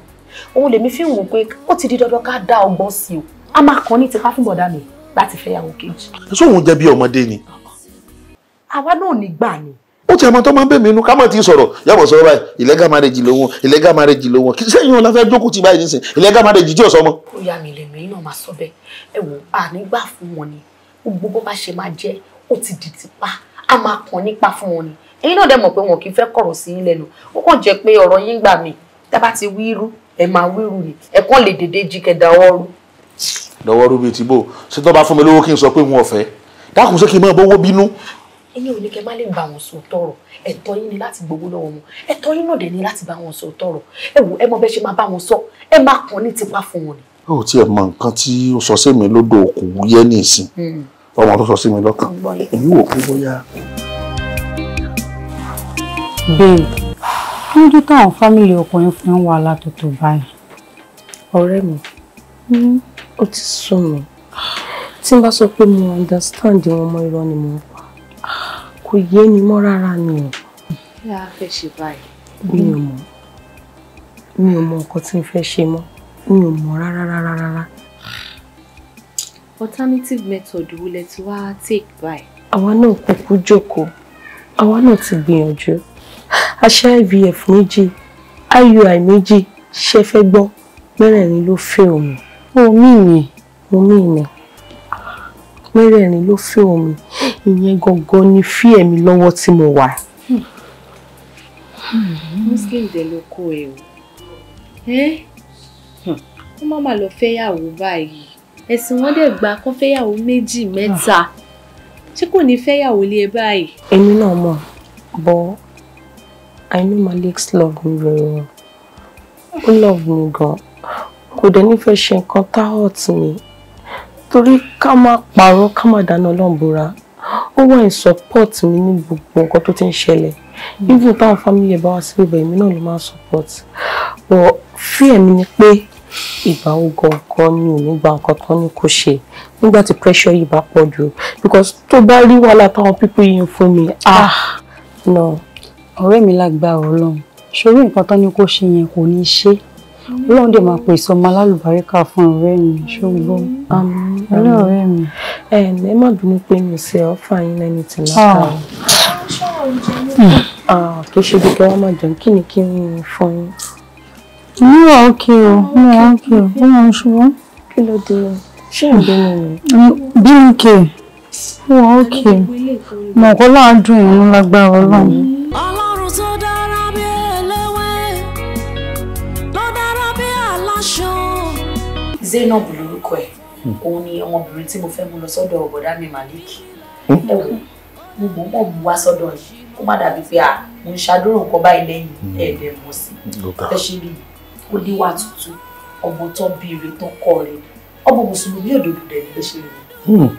òun lèmi fi ń wò pé ó ti di dandan ká dá ọgbọ́n sí o a máa kàn ní tipa fún bọ̀dá mi láti fẹ́ yàwó kejì. ṣé òun jẹ́ bí ọmọdé ni. àwa náà ní gbà ni. ó ti àmọ́ tó máa ń bẹ̀ mí inú ká má ti sọ̀rọ̀ yàtọ̀ sọ̀rọ̀ báyìí illegal marriage ló illegal marriage ló wọn sẹ́yìn wọn la fẹ́ jókòó ti báyìí nísìn illegal marriage tí ò sọmọ. ó yà mí lẹ́nu yìí náà máa sọ bẹ́ẹ̀ ẹ wò ànígbà fún wọn ni gbogbo bó bá ṣe máa jẹ́ ó ti di tipa a máa kàn nípa fún wọn ni ó kàn jẹ́ pé mí tá bá ti wí irú ẹ máa wíru yìí ẹ kàn lè dédé jí kẹ dáwọ́rú. dáwọ́rú bíi tìbò ṣé tó bá fún mi lówó kí n sọ pé wọn ò fẹ́ dákun ṣé kí n máa bówó bínú. ẹ̀yin ò ní kẹ má lè bá wọn sọ tọrọ ẹ̀tọ́ yín ni láti gbowó lọ́wọ́ wọn ẹ̀tọ́ yín náà dẹ ni láti bá wọn sọ tọrọ ẹ wò ẹ mọ bẹ́ẹ̀ ṣe máa bá wọn sọ ẹ má kàn ní tipa fún wọn ni. ó tiẹ̀ mọ nǹkan tí ó sọ sí mi lódò kò wúyẹ́ ní ìsìn hmm. ọmọ tó sọ sí mi lọ́kàn èyí wò pé bóyá. babe kí ló dé táwọn fámìlì ọkùnrin fi ń wà látòtò báyìí. ọ̀rẹ́ mi hmm? ó ti sú mi tí n bá sọ pé mo understand wọn mọ irọ́ ni mo pa kò yé mi mọ́ rárá ni o. kí a fẹ́ ṣe báyìí. mi ò mọ̀ mi ò mọ nǹkan tí n fẹ́ ṣe mọ́ mi ò mọ̀ rárá rárá rárá. alternative method wo lẹ ti wá take báyìí. àwa náà kúkú jókòó àwa náà ti gbìyànjú aṣá ivf méjì iui méjì ṣe fẹ́ gbọ́ mẹ́rẹ̀ẹ̀rin ló fẹ́ òun mo mí mi mo mí mi mẹ́rẹ̀ẹ̀rin ló fẹ́ òun ìyẹn gangan ni fí ẹ̀mí lọ́wọ́ tí mo wà. muslim dẹ̀ ló kó ẹ o ó má má lọ fẹ́yàwó báyìí ẹ̀sìn wọn dẹ̀ gba kó fẹ́yàwó méjì mẹ́ta ṣé kò ní fẹ́yàwó lé e báyìí. èmi náà mọ̀ bọ́ I know Malik's love me very well. Ó love me God. Kò dẹ̀ nífẹ̀ẹ́ ṣe nǹkan tá hurt mi. Torí kama má parọ́ ká má dáná lọ́nbora. Ó in support me ní gbogbo nǹkan tó ti ń Even táwọn family ẹ̀ bá wá sí ibẹ̀ èmi support. But fear me, ni pé ìgbà go, kan ni ò ní gba nǹkan kan ní kò ṣe nígbà tí pressure yìí bá pọ̀ because tó bá rí wàhálà táwọn pípé yìí ń fún mi ah no ọ̀rẹ́ mi lágbára ọlọ́run ṣorí nǹkan tán ni kó ṣe yẹn kò ní ṣe ọlọ́run dẹ̀ máa pèsè ọmọ alálùbáríkà fún ọ̀rẹ́ mi ṣùgbọ́n ọlẹ́ ọ̀rẹ́ mi. ẹ ǹlẹ́ má bínú pé mi ṣe ọ́fà yín lẹ́ni tí láta ah. o ah, kì í ṣe bí kẹwàá máa jẹun kí ni kí n fún yín. mi ò òkè o mi ò òkè o mi ò ṣùgbọ́n. kí ló dé ṣé ń bínú mi. Mm, bínú kè mi ò òkè mọ̀ọ́kọ́ láàdùn ìrún lágbára ọlọ́run. Mm. Zainab lorúkọ ẹ̀ òun ni ọmọbìnrin tí mo fẹ́ mú lọ sọ́dọ̀ ọ̀bọ̀dá mi Malik hmm? ẹ wò mo mọ̀ mọ̀ mú wá sọ́dọ̀ yìí kó má dàbí pé à mo ń ṣàdúró nǹkan báyìí lẹ́yìn hmm. ẹ̀ẹ́dẹ̀ mọ̀ sí fẹ́ ṣe rí i ó níwà tuntun ọmọ tó bíire tó kọ́ rẹ̀ ọmọ mùsùlùmí òdòdó dẹ̀ ni fẹ́ ṣe rí i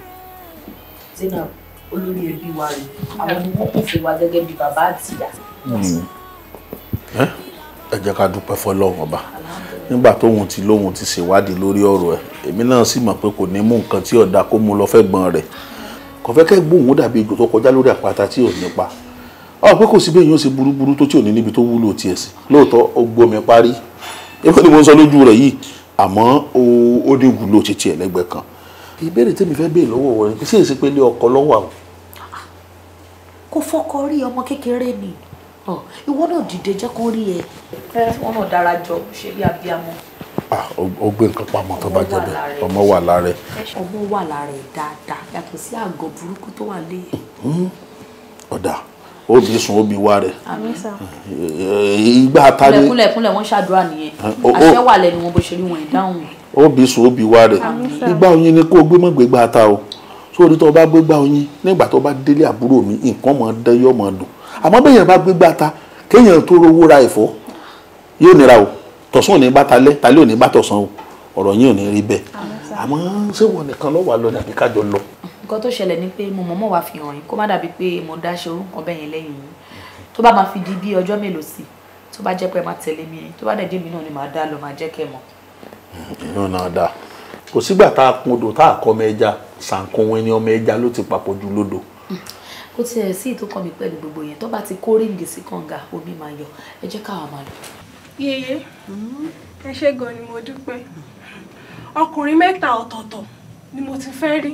Zainab olórí ẹbí wa rè àwọn ni wọ́n kò fi wa gẹ́gẹ́ bí bàbá àtìyá. Hmm. ẹ jẹ́ ká dúpẹ́ fọlọ́run ọba nígbà tóun ti lóun ti ṣèwádìí lórí ọ̀rọ̀ ẹ̀ èmi náà sì mọ̀ pé kò ní mú nǹkan tí ọ̀dà kó mu lọ fẹ́ gbọ́n rẹ̀ kò fẹ́ kẹ́ gbóhùn dàbí ejò tó kọjá lórí àpáta tí ò nípa ọ̀ pé kò sí bẹ́ẹ̀ yóò ṣe burúburú tó tí ò ní níbi tó wúlò tiẹ̀ sí lóòótọ́ ó gbómi parí èmi ni mo ń sọ lójú rẹ̀ yìí àmọ́ ó ní wúlò títí ẹ̀ lẹ́gbẹ̀ẹ́ kan ìbéèrè tèmi fẹ́ béè lọ́wọ́ wọn ni pé ṣé èsì pé ilé ọkọ lọ́wọ́ àwọn. kò fọkọ rí ọmọ kékeré ni ìwọ náà dìde jẹ́ kó rí ẹ. wọn náà dára jọ ṣe bí abiyamọ. ó gbé nǹkan pamọ́ tó bá jẹ́ bẹ́ẹ̀ ọmọ wà lára ẹ̀. ọmọ wà lára ẹ̀ dáadáa yàtọ̀ sí àgọ́ burúkú tó wà lé. Hmm. ọ̀dà obi sun obi wa rẹ igba ta ni kúlẹ̀kúnlẹ̀ wọ́n ṣàdúrà nìyẹn eh, àṣẹ wà lẹ́nu wọn bó ṣe rí wọn ìdáhùn. obi sun obi wa rẹ igba oyin ni kó o gbé mọ́ gbégbá ta o sórí tó o bá gbégbá oyin nígbà tó o bá délé àbúrò mi nǹkan mọ̀ ọ́ dẹ́ yọ̀ mọ̀ ọ́ dùn àmọ́ bẹ́yàn bá gbégbá ta kéèyàn tó rówó ra ẹ̀fọ́ yóò nira o tọ̀sán ò ní bá talẹ́ talẹ́ ò ní bá tọ̀sán o ọ̀rọ̀ yín ò ní rí bẹ́ẹ̀ àmọ́ ṣé wọn nìkan lọ́wọ́ lọ dàbí kájọ lọ. nǹkan tó ṣẹlẹ̀ ni pé mo mọ̀mọ́ wàá fi hàn yín kó má dàbí pé mo dáṣe orúkọ bẹ́yẹn lẹ́yìn yín tó bá máa fi di bí ọjọ́ mélòó sí tó bá jẹ́ pé má tẹ̀lé mi tó bá dẹ̀dé mi náà ni màá dá lọ màá jẹ́ kẹ́ mọ̀. ìyọ̀n náà dáa kò sígbà tá a kun odò tá a kọ́ ọmọ ẹja sàǹkóhun ẹni ọmọ ẹja ló ti papọ̀ ju lódò kò tiẹ̀ sí ìtò kan mi pẹ̀lú gbogbo yẹn tó bá ti kó ríǹgì sí kànga omi máa yọ ẹ jẹ́ káwa máa lọ. yeye ẹ ṣe gan ni mo dúpẹ́ ọkùnrin mẹ́ta ọ̀tọ̀ọ̀tọ̀ ni mo ti fẹ́ rí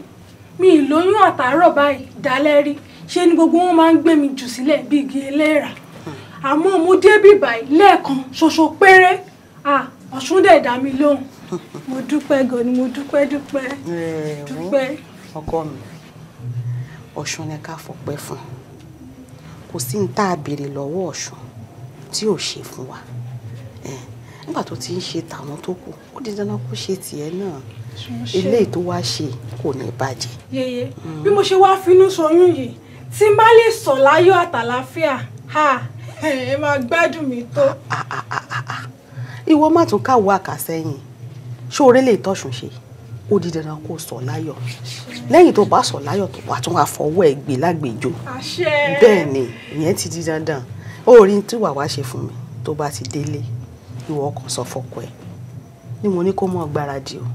mi ì lóyún àtàárọ̀ báyìí dálẹ́ rí ṣe ni gbogbo wọn máa ń gbé mi jù sílẹ̀ bí igi ẹlẹ́ra àmọ́ mo dé bíbáyìí lẹ́ẹ̀kan ṣoṣo péré ọ̀ṣun dẹ̀ dá mi lóhùn mo dúpẹ́ gan ni mo dúpẹ́ dúpẹ́ dúpẹ́. ọkọ mi ọ̀ṣun ni ká fọpẹ́ fún kò sí ní tá a béèrè lọ́wọ́ ọ̀ṣun tí ò ṣe fún wa nígbà tó ti ń ṣe tàwọn tó kù ó di dandan kó ṣe tiẹ̀ náà eléyìí tó wá ṣe kò ní bàjẹ́. yeye mm. bí mo ṣe wá finú sọyún yìí tí n bá lè sọ láyọ̀ àtàlàáfíà ẹ máa gbádùn mi tó. Ah, ah, ah, ìwọ má tún káwọ àkàsẹ́yìn ṣó orí lè tọ̀sùn ṣe ó di dandan kó sọ láyọ̀ lẹ́yìn tó bá sọ láyọ̀ tó bá tún wá fọwọ́ ẹ̀ gbé lágbèjò bẹ́ẹ̀ ni ìyẹn ti di dandan ó rí tí wàá wá ṣe fún mi tó bá ti délé ìwọ ọkàn sọ fọkọ ẹ̀ ni mo ní kó mọ gbáradì o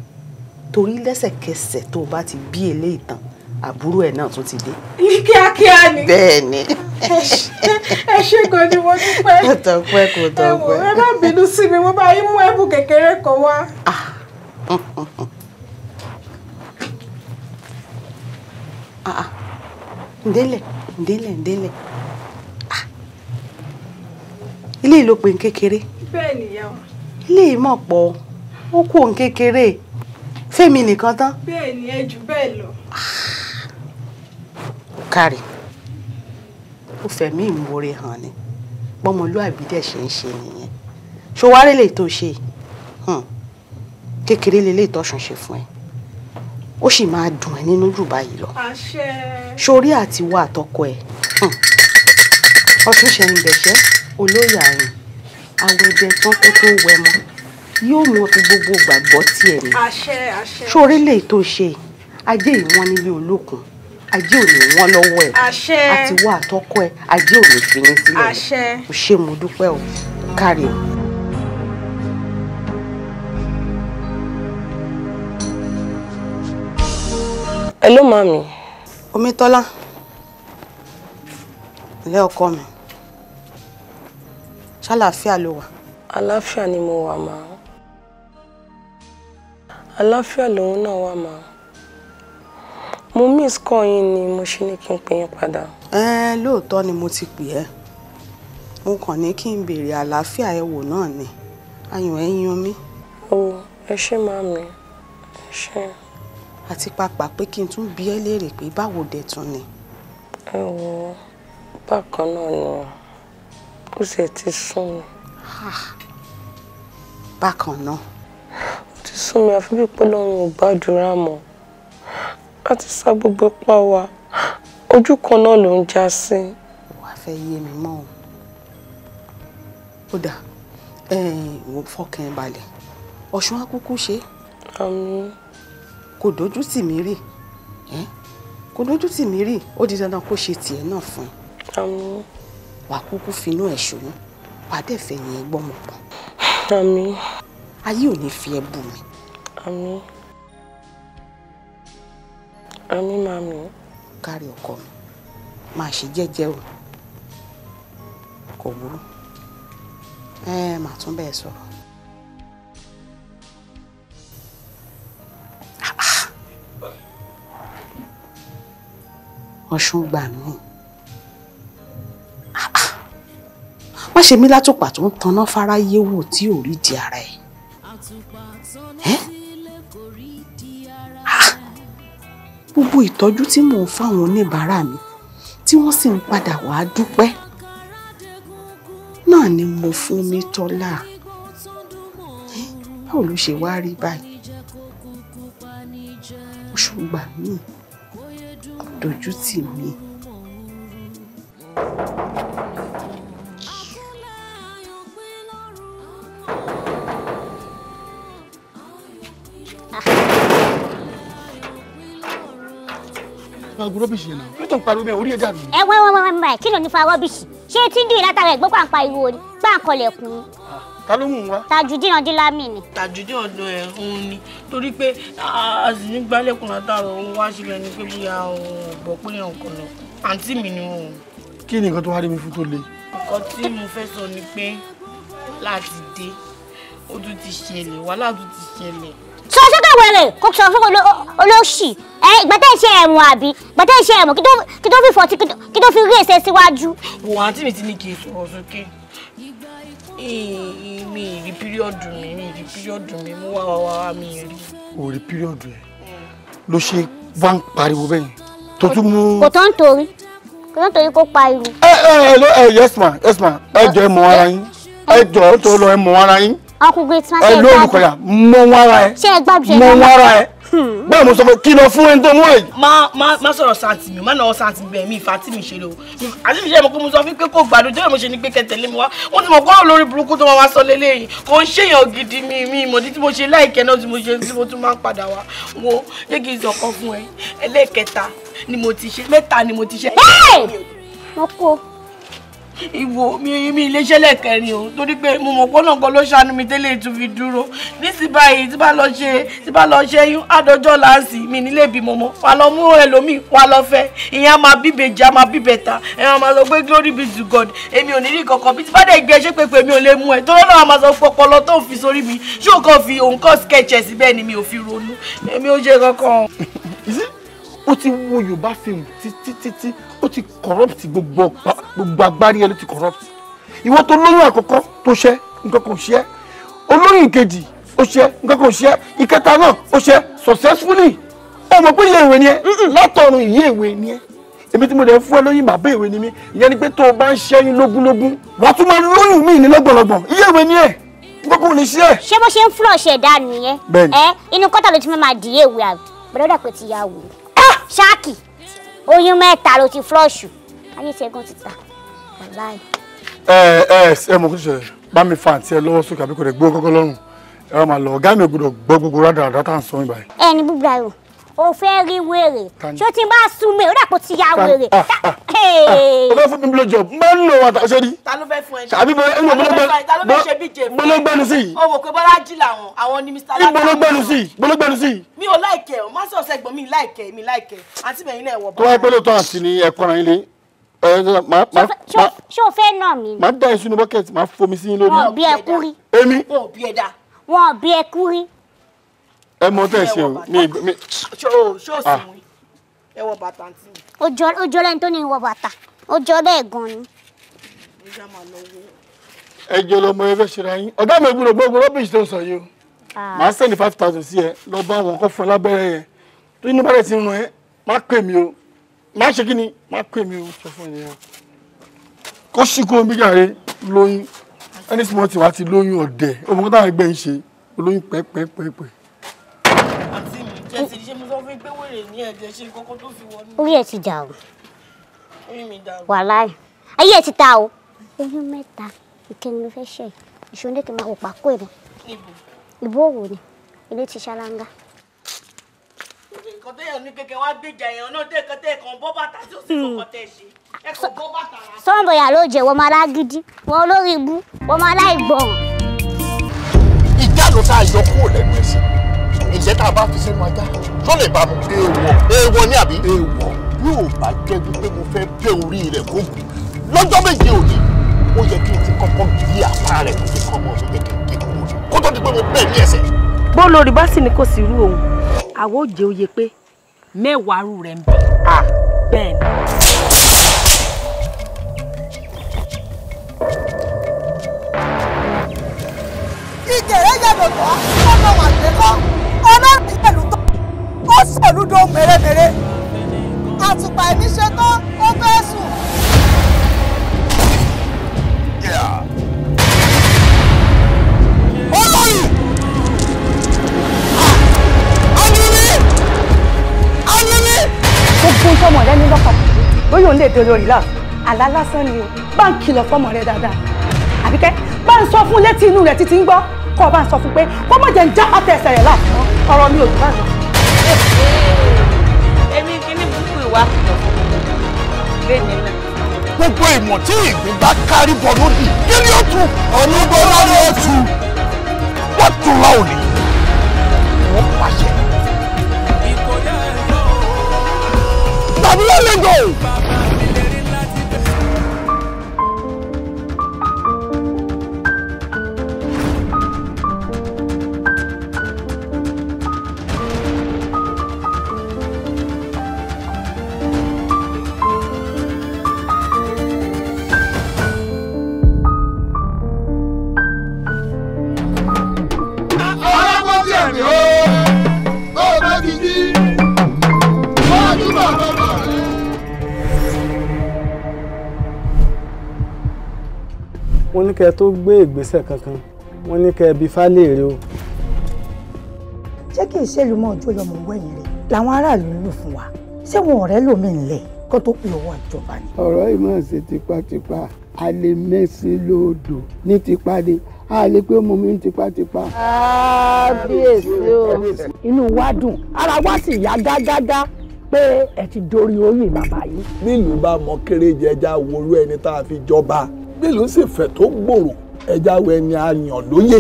torí lẹ́sẹ̀kẹsẹ̀ tó bá ti bí eléyìí tán àbúrò ẹ̀ náà tún ti dé. ní kíákíá ni. bẹ́ẹ̀ ni. ẹ ṣe gan ni mo dúpẹ́. kò tọ́pẹ́ kò tọ́pẹ́. ẹ wò ẹ má bínú sí mi mo bá yín mú ẹ̀bùn kékeré kan wá. Ah. ǹdẹ́lẹ̀ ǹdẹ́lẹ̀ ǹdẹ́lẹ̀ ilé yìí ló pe kékeré. bẹ́ẹ̀ nìyá wa. ilé yìí mọ̀ pọ̀ ó kú òun kékeré fẹ́mi nìkan tán. bẹ́ẹ̀ ni ẹ jù bẹ́ẹ̀ lọ. Ah. kárí ó fẹ̀mí ìmoore hàn ni bọ́mọlúàbí dẹ̀ ṣe ń ṣe nìyẹn ṣòwárẹ́ lè tó ṣe hmm. kékeré lè lè tọ́sùn ṣe fún ẹ ó sì máa dùn ẹ́ nínú jù báyìí lọ. sórí àti wá àtọkọ ẹ ọtún ṣẹ̀ǹdẹ̀ṣẹ́ olóyè àrùn àwẹ̀dẹ tán kó tó wẹ mọ́ yóò mú ọtí gbogbo gbàgbọ́ tiẹ̀ ni sórí lè tó ṣe ajé ìwọ́n nílé olókun ajé ò ní wọ́n lọ́wọ́ ẹ̀ àti wá àtọkọ ẹ ajé ò ní fi ní sílẹ̀ o ṣé mo dúpẹ́ o káre o. Hello, mami. Omitola. Ilé ọkọ mi. Ṣàlàáfíà lọ wà? Àlàáfíà ni mo wà, màá. Àlàáfíà lòun náà wà, màá. Mo miss call ṣe ní kí n pè yín padà. Eh, ni mo ti pè ẹ, Mo kàn ní kí n àlàáfíà Oh, àti pàápàá pé kí n tún bi ẹ́ léèrè pé báwo dẹ̀ tún ni. ẹ wo bákan náà ni ó ṣe ti sún mi. bákan náà. ó ti sún mi àfi bíi pé lọ́run ò gbàdúrà mọ́ láti sá gbogbo pa wa ojú kan náà ló ń já sí. wàá fẹ́ yé mi mọ́ o ó dà mo fọkàn balẹ̀ ọ̀ṣun á kúkú ṣe. àmín. Um, kò dojú tì mí rí kò dojú tì mí rí ó di dandan kó ṣe tiẹ̀ náà fún ẹ. wà á kúkú finú ẹ̀ ṣòyún wà á dẹ̀ fẹ̀yìn ẹ gbọ́mọ pọ̀. àmín. ayé ò ní fi ẹ bù mí. àmín. àmín màmí. kárí ọkọ mi máa ṣe jẹ́jẹ́ o kò burú ẹ màá tún bẹ́ẹ̀ sọ̀rọ̀. ọ̀ṣun gbà mí má ṣe mí látòpà tó ń taná fáráyé wò tí ò rí di ara ẹ̀ gbogbo ìtọ́jú tí mò ń fáwọn oníbàárà mi tí wọ́n sì ń padà wàá dúpẹ́ náà ni mo fún mi tọ́lá báwo ló ṣe wá rí báyìí ó ṣùgbà míì dojú tì mí. pariwo rọ́bìṣì yẹn náà lóòótọ́ pariwo mẹ́ orí ẹ̀ dànù. ẹ wá wá wá wá kí ló ní fa rọ́bìṣì ṣé tí ń dùn ìlàtà rẹ̀ gbọ́ pàǹpà ìwo ni pàǹkọ̀lẹ̀kùn ni ta ló mú wa. tajudeen ọdínlámì ni. tajudeen ọdún ẹ òun ni torí pé àṣìní gbálẹ̀kùn látàrọ òun wá sílẹ̀ ni pé bóyá òun gbọ́ pé ọkàn lọ àǹtí mi ni òun. kí ni nǹkan tó wá rí mi fún tó le. nǹkan tí mo fẹ́ sọ ni pé láti dé ó tún ti ṣẹlẹ̀ wàhálà tún ti ṣẹlẹ̀. sọ sókè wẹrẹ kò sọ fún olóṣì ẹ ìgbà tẹ́ ẹ ṣe ẹ̀wọ̀n àbí ìgbà tẹ́ ẹ ṣe ẹ̀wọ̀n kí tó fi fọ̀tí kí tó fi rí èsè síwájú. wò àǹtí mi ti mi ì rí píríọ̀dù mi mi ì rí píríọ̀dù mi mo wá wá mi ì rí. o rí píríọ̀dù ẹ hmm. ló ṣe wá ń pariwo bẹ́ẹ̀ tó tún mú. kò tó ń torí kò tó ń torí kó pariwo. ẹ ẹ ẹ ẹ yes ma yes ma ẹ jọ ẹ mọ ara yín ẹ jọ ẹ tó lọ ẹ mọ ara yín. ọkùnrin tí wọn ṣe é gbàgbé ẹ lóòrùn kọyà mọ wọn ara ẹ mọ wọn ara ẹ báwo mo sọ fún kí lọ fún ẹni tó mú ẹ. má má má sọ̀rọ̀ santi mi má náwó santi bẹ́ẹ̀ mi ìfà tí mi ṣe lè o àti ìṣe mọ̀ pé mo sọ fún pé kò gbádùn jọ́wọ́ mo ṣe ni pé kẹ́ mi wá wọ́n ti mọ̀ kọ́ lórí burúkú tó máa wá sọ lélẹ́yìn kò ń ṣèyàn gidi mi mi ìmọ̀dí tí mo ṣe láìkẹ́ náà tí mo ṣe tí mo tún máa ń padà wá wo jẹ́ kí n sọ̀kan fún ẹ ẹlẹ́ẹ̀kẹta ni mo ti ṣe mẹ́ta ni mo ti ṣe. ọkọ ìwò mi mi iléeṣẹ́ lẹ́ẹ̀kẹrin o torí pé mo mọ̀ pọ́nà kan ló ṣàánú mi tẹ́lẹ̀ tún fi dúró nísì báyìí tí bá lọ ṣe tí bá lọ ṣẹ́yún àdójọ́ láǹsì mi nílé ìbímọ mọ́ wà lọ mú ẹlòmíì wà lọ fẹ́ ìyẹn a máa bíbè jẹ́ a máa bíbè ta ẹ̀yàn máa lọ gbé glory be to God èmi ò ní rí kankan bí tí bá dẹ̀ gbé ẹṣẹ́ pépé mi ò lè mú ẹ tọ́lọ́ náà máa sọ pọpọlọ tó fi sórí mi ṣé òun kàn fi òun sketch ẹ̀ síbẹ̀ mi ò fi ronú èmi ò ó ti wo yorùbá fíìmù títí títí ó ti corrupt gbogbo gbogbo agbárí ẹ ló ti corrupt ìwọ tó lóyún àkọ́kọ́ tó ṣẹ́ nǹkan kan ṣẹ́ olóyún ìkejì ó ṣẹ́ nǹkan kan ṣẹ́ ìkẹta náà ó ṣẹ́ successfully ó mọ̀ pé iye ìwé ni ẹ látọ̀run iye ìwé ni ẹ èmi tí mo lè fún ẹ lóyún bàbá ìwé ni mí ìyẹn ni pé tó o bá ń ṣẹ́yún lógúnlógún wàá tún máa lóyún míì ní lọ́gbọ̀nlọ́gbọ̀n iye ìwé ni ẹ gbogbo ní ṣe. ṣé bó ṣe ń fúlọ̀ ṣẹ̀dá nìyẹn ẹ inú kọ́tà ló ti máa dìé ìwé àbí bọ́dọ̀ dà pé ti yá wò ó ṣáàkì oyún mẹ́ta ló ti flọ́ọ̀ṣù ayé ṣẹ́gun ti ta ọ̀la yìí. ẹ ẹ ẹ mọ kó ṣẹlẹ̀ bá mi fa àǹtí ẹ lọ́wọ́ sókè àbí kò rẹ gbó kọ́kọ́ lọ́rùn ẹ wá máa lọ ọgá mi ò gbọ́dọ̀ gbọ́ gbogbo rádàràdà tá à ń sọ yín báyìí. ẹ ní búburú ayò o fẹ́ rí wèrè ṣé o ti bá súnmọ́ o dàpọ̀ ti ya wèrè. o ah, ah, ah. fẹ́ fún mi blow job máa ń lo wàtà ṣe rí. ta ló fẹ́ fún ẹ ṣe. àbí mo ń gbọ́ mo ló gbẹ́nu sí i. o wò pé Bọ́lájí làwọn àwọn ni Mr. lata. mo ló gbẹ́nu sí i mo ló gbẹ́nu sí i. mi ò láìkẹ́ o má sọ ọ̀sẹ̀ gbọ́n mi láìkẹ́ mi láìkẹ́ àti bẹ̀yìn náà ẹ̀wọ̀ bá. tó wáyé pé lóòótọ́ àti ni ẹ̀kọ́ra yín lé ṣé o fẹ́ nà mí. màá da ìsúnú bọ́kẹ́tì màá fomi sí yín lórí. wọn ò bí ẹ kúrí. èmi. wọn ò bí ẹ kúrí ẹ mọ tẹ ṣe o mi mi. ṣó o sì mú ẹ wọ bàtà ntí. ó jọ lẹ́ni tó ní wọ bàtà ó jọ bẹ́ẹ̀ gan-an ni. ẹ jọ lọmọ ẹ fẹ́ ṣera yín ọ̀gá mi gbúdọ̀ gbogbo rọ́bìṣì tó sọ yìí o ah. màá sẹ́ni five thousand sí ẹ lọ bá wọn kọ́ fún ẹ lábẹ́rẹ́ yẹn tó inú bá rẹ̀ ti ràn ẹ́ má pè mí o má ṣe kí ni má pè mí o sọ fún ẹ yẹn kó ṣíkú omi gàre lóyún ẹni tí mo ti wá ti lóyún ọ̀dẹ̀ ọmọ ẹgbẹ́ ń ṣe olóyún pẹ́pẹ́pẹ́pẹ́ mi pé wèrè ní ẹ̀jẹ̀ ṣe kókó tó fi wọnú. orí ẹ ti dà o. orí mi dà o. wàhálà ayé ẹ ti ta o. oyún mẹ́ta ìkẹni fẹ́ ṣe ìṣòro ní kí n máa wò pákó ẹ̀ mọ́. ìbò òwò ni ilé ti ṣáláńgá. nǹkan tẹ́yàn ní kẹ̀kẹ́ wá gbèjà èèyàn náà tẹ́ ẹ̀kan tẹ́ bọ́ bàtà tí ó sì hmm. kọ̀kọ́ tẹ́ ṣe ẹ̀kan bọ́ bàtà wọ́n máa lágídí wọ́n olórí ibú wọ́n máa láì gbọ̀ràn. ìjà ló ta ìyọkúrò lẹ́nu ẹ̀sìn ìṣẹ́ tá a bá fi sẹ́nu ajá tó lè bá mu. èèwọ̀ èèwọ̀ ni àbí. èèwọ̀ bí bá jẹ́ wípé mo fẹ́ bẹ́ orí rẹ̀ kó lọ́jọ́ méje òní ó yẹ kí n ti kọ́kọ́ yí apá rẹ̀ tó fi kọ́ ọmọ mi yẹ kó tó di pé mo bẹ́ẹ̀ ní ẹsẹ̀. bó lórí bá sì ní kò sí irú òun àwọn ò jẹ́ pé mẹ́wàá rú rẹ̀ ń bẹ̀. bẹ́ẹ̀ ìjẹ̀rẹ̀ yàgò tó ọmọ wà lẹ́kọ̀ọ́ ọlọ́run ṣèlú tó ó ṣèlú dó mèremère àtùpà ẹ̀mí ṣe tán ó fẹ́ sùn. olórí anumi anumi. gbogbo sọmọ rẹ ní lọ́kàtà lóyè òun lè dé lórí náà àlá lásán ni o bá ń kìlọ̀ fọmọ rẹ dáadáa àbíkẹ́ bá ń sọ fún létí inú rẹ títí ń gbọ́ kọ́ ọ bá ń sọ fún pé kó má jẹ́ ń já pátá ẹsẹ̀ rẹ̀ láàfin ọ̀rọ̀ mi ò jù bá èmi kíní burúkú ìwà kìlọ̀ fún mi gbogbo ìmọ̀ tí ìgbín bá kárí bọ̀ lódì kí ni ó tu ọ̀nùbọ̀lá ni ó tu wọ́n tún ra òní wọ́n pàṣẹ. ìkọ̀yà ẹ̀ lọ́wọ́. tàbí lọ́lẹ́gbẹ̀ẹ́ kẹ́ ẹ tó gbé ìgbésẹ̀ kankan wọ́n ní kẹ́ ẹ bí fáléèrè o. ṣé kì í ṣèlú mọ́ ọjọ́ lọ́mọ wẹ̀yìn rẹ̀ làwọn aráàlú ń lù fún wa ṣé wọn ọ̀rẹ́ lómi ńlẹ̀ kó tó pe owó ìjọba ni. ọ̀rọ̀ yìí máa ń ṣe tipátipá a lè mẹ́sìn lóòdù ní tipa a lè pé mo ń tipátipá. kábíyèsí o inú wa dùn ara wa sì yá gágágá pé ẹ ti dorí oyè bàbá yìí. nílùú bá mọ kéré jẹjà wọlú ẹni tá a fi jọba bílù sì fẹ̀ tó gbòòrò ẹja wo ẹni àyàn lóye.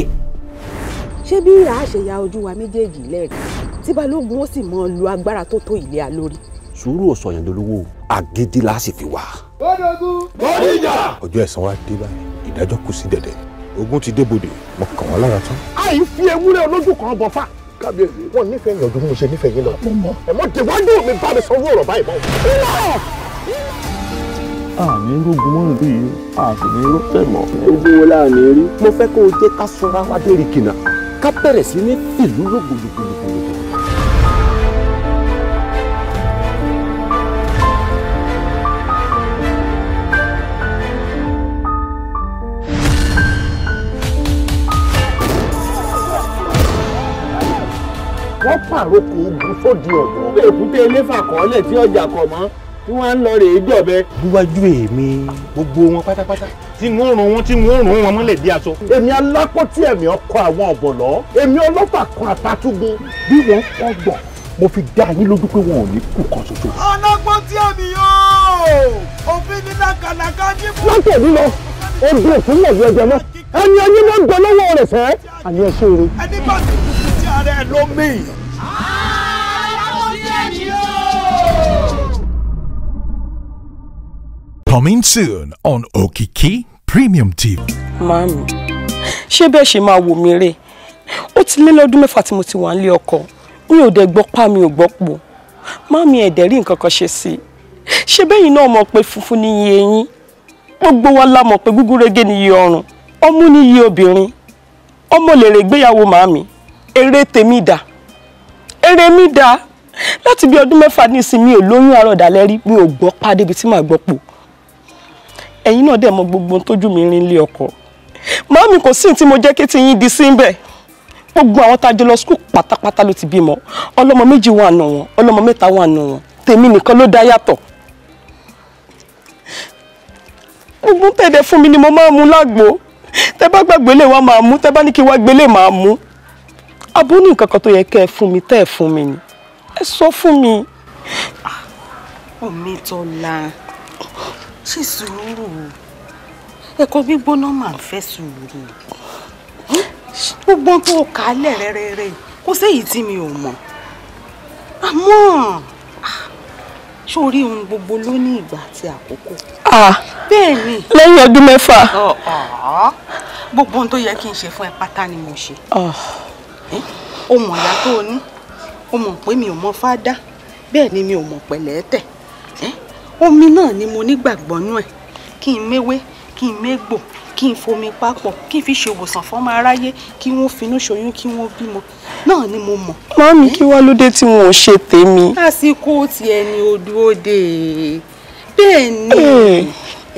ṣé bí a ṣe ya ojú wa méjèèjì lẹ́ẹ̀kan tí balógun ó sì mọ lu agbára tó tó ilé alórí. sùúrù ọ̀sọ̀yàn dolówó agídí la sì fi wà. bọ́dọ̀gún bọ́díjà. ọjọ́ ẹ̀san wa dé báyìí ìdájọ́ kù sí dẹ̀dẹ̀ ogun ti débodè mo kàn wọ́n lára tán. àì fi ewúrẹ́ olójú kan bọ̀ fà. kábíyèsí wọn nífẹ̀ẹ́ yànjú mo ṣe nífẹ̀ẹ́ yín lọ. ẹ mọ tẹ̀wájú mi bá mi sanwó ọ̀rọ̀ báyìí mọ́ àní rógun mọ́rin bí yìí àṣìní rọ́tẹ̀ mọ́. ogun wo láàánú rí. mo fẹ́ kó o jẹ́ ká sọra wa dé rìkìnà ká bẹ̀rẹ̀ sí ní ìlú lógbòdògbòdògbò. wọ́n pàrokò ogun sódì ọ̀dọ́. ó bèèkú tẹ ilé fàkọ́ọ́lẹ̀ tí ọjà kọ̀ mọ́ tí wọ́n á lọ rèé jọ̀bẹ. wíwájú èmi gbogbo wọn pátápátá tí mo rún wọn tí mo rún wọn mọ́lẹ̀ bí aṣọ. èmi alápótí ẹ̀mí ọkọ àwọn ọ̀bọ̀lọ́ èmi ọlọ́pàá kan àtàtúgbò bí wọ́n kọ́ gbọ̀ mo fi dá yín lójú pé wọn ò ní kú kan ṣoṣo. ọlọ́pọ̀tì ẹ̀mí yóò òfin ní làkàlàkà ní. látọ̀dú lọ odò òfin náà yẹ jẹ náà ẹni ẹni ló ń gbọ́ lọ́wọ́ rẹ̀ fẹ́ àní ẹ̀ṣẹ́ rẹ̀. ẹni bá ti kú Coming soon on Okiki Premium TV. Mami, ṣé bẹ́ẹ̀ ṣe máa wò mí rè? Ó ti lé lọ́dún mẹ́fà tí mo ti wà nílé ọkọ. Mi ò dẹ̀ gbọ́ pa mi ò gbọ́ po. Màámi ẹ̀dẹ̀ rí nǹkan kan ṣe sí i. Ṣé bẹ́yìn náà mọ̀ pé funfun ni iye yín? Gbogbo wa la mọ̀ pé gúgúrégé ni iye ọrùn. Ọmú ni iye obìnrin. Ọmọ lèrè ìgbéyàwó màámi. Eré tèmi dà. Eré mi dà. Láti bí ọdún mẹ́fà ní ìsinmi ò lóyún àrọ̀dálẹ́rí mi ò gbọ́ pa débi tí màá gbọ́ po. ẹ̀yin náà dẹ̀ mọ gbogbo tójú mi rin lé ọkọ màámi kò sí tí mo jẹ́ kí ti yín di sí bẹ́ẹ̀ gbogbo àwọn tá a jọ lọ skul pátápátá ló ti bímọ ọlọ́mọ méjì wà nù wọn ọlọ́mọ mẹ́ta wà nù wọn tèmi nìkan ló dá yàtọ̀ gbogbo tẹ̀dẹ̀ fún mi ni mo máa ń mu lágbo tẹ bá gbàgbé lè wá máa mú tẹ bá ní kí wá gbélé máa mú abó ní nǹkan kan tó yẹ kẹ́ ẹ fún mi tẹ́ ẹ fún mi ni ẹ sọ fún mi. Omitola ṣe sùúrù ẹ̀kọ gbígbóná máa ń fẹ́ sùúrù gbogbo tó kà á lẹ̀ rẹ́rẹ́rẹ́ kó séyìí tí mi ò mọ̀ àmọ́ sórí ohun gbogbo ló ní ìgbà àti àkókò. bẹ́ẹ̀ ni. lẹ́yìn ọdún mẹ́fà. gbogbo ohun tó yẹ kí n ṣe fún ẹ pátá ni mo ṣe. o mọ̀ ìyá tó o ní o mọ̀ pé mi ò mọ fádá bẹ́ẹ̀ ni mi ò mọ̀ pẹ̀lẹ́ tẹ̀ omi náà ni mo nígbàgbọ́ nú ẹ̀ kí n méwé kí n mégbò kí n fomi papọ̀ kí n fi ṣe ìwòsàn fọ́mọ aráyé kí wọ́n finú ṣoyún kí wọ́n bímọ náà ni mo mọ̀. mọ́mí kí wá ló dé tí wọn ò ṣe tèmi. lásìkò tiẹ̀ ni odò òde bẹ́ẹ̀ ni eh.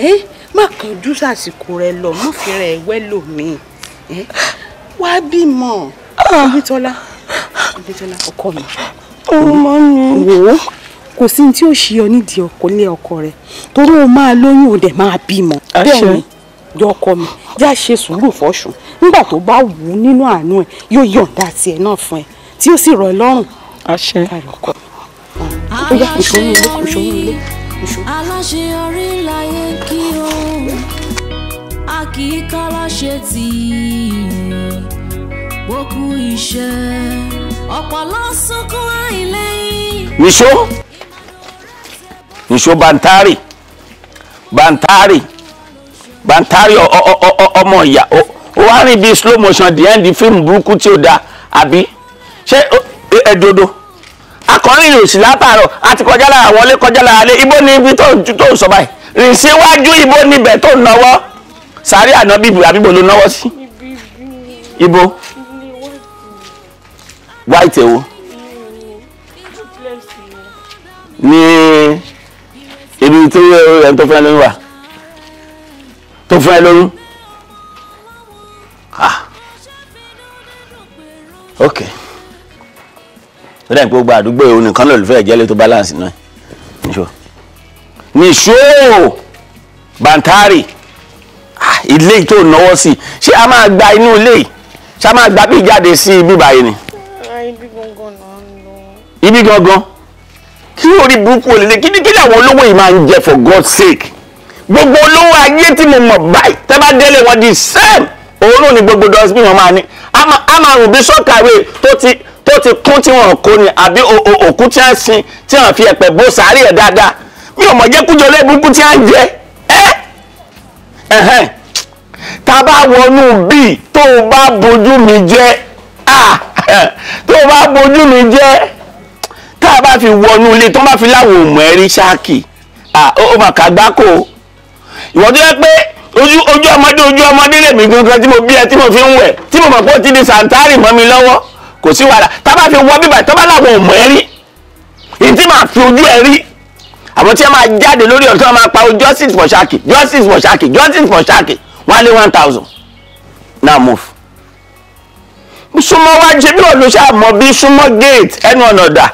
Eh, má kàn jú sàsìkò rẹ lọ mú fi rẹ wẹ́ lómi eh, wá bímọ ah. Omitola Omitola ọkọ mi. ọmọ mi. wò ó kò sí tí ó ṣe ọ nídìí ọkọ lé ọkọ rẹ torí o máa lóyún o dẹ̀ máa bímọ bẹ́ẹ̀ ni jọ ọkọ mi já ṣe sùúrù fọṣùn nígbà tó bá wù ú nínú àánú ẹ yóò yọ̀ǹda tiẹ̀ náà fún ẹ tí ó sì rọ̀ ẹ́ lọ́rùn. àṣẹ ó yá ìṣòro ilé ilé ìṣòro. aláṣeyọrí láyé kí o kì í kọ́lá ṣe tì í bókú iṣẹ́ ọ̀pọ̀ lọ́sọ̀kún àìlẹ́yìn. nìṣó nṣó bantari bantari bantari ọmọ ìyá ó wá rìn bíi slow motion the end fíìmù burúkú tí ó da àbí ṣé ẹdodo akọrin yòòsì látàárọ̀ àti kọjá lára wọlé kọjá lára lé ibo ní ibi tó ń sọ báyìí rìn síwájú ibo níbẹ̀ tó ń náwó sáré àná bíbù àbíbò ló náwó sí ibo white ewo ní ibi tí ẹni tó fún ẹ lóyún wà tó fún ẹ lóyún ah ok ó dẹ̀ pé gbogbo àdúgbò òun nìkan ló fẹ́ jẹ́lé tó balance náà nìṣó nìṣó bantari ah, ilé tó náwó sí ṣé a máa gba inú ilé ṣé a máa gba bí jáde sí ibi báyìí ni. Ah, ibi gangan kí orí burúkú olèlè kí ni kí ni àwọn olówó yìí máa ń jẹ for God's sake gbogbo olówó ayé tí mo mọ̀ báyìí tẹ́ bá délé wọn di same òun ni gbogbo dustbin wọn máa ní a máa rùn bí sọ́kàwé tó ti tó ti kún tí wọn kó ni àbí òkú tí wọn sin tí wọn fi ẹ̀pẹ̀ bó sàárì ẹ̀ dáadáa mi ò mọ̀ jẹ́ kújọ lẹ́bùkú tí wọn jẹ ẹ́ tá a bá wọnú bíi tó o bá bojú mi jẹ́ ah, tó o bá bojú mi jẹ́ tá a bá fi wọnú ilé tó bá fi láwọn òmò ẹ̀rí ṣáàkì ó mà kà gbáko ìwọ tó yẹ pé ojú ojú ọmọdé ojú ọmọdé lèmi gangan tí mo bí ẹ tí mo fi ń wẹ̀ tí mo mọ̀ pé ó ti di sàǹtárì mọ́ mi lọ́wọ́ kò sí wàhálà tá a bá fi wọ bíbà tó bá láwọn òmò ẹ̀rí èyí tí màá fi ojú ẹ̀ rí àwọn tí wọ́n máa jáde lórí ọ̀tún wọ́n máa pa justice for Saki justice for Saki justice for Saki wọ́n one thousand now move súnmọ́ wájú bí olùṣàmọ́ bí súnmọ́ gate ẹnu ọ̀nà ọ̀dà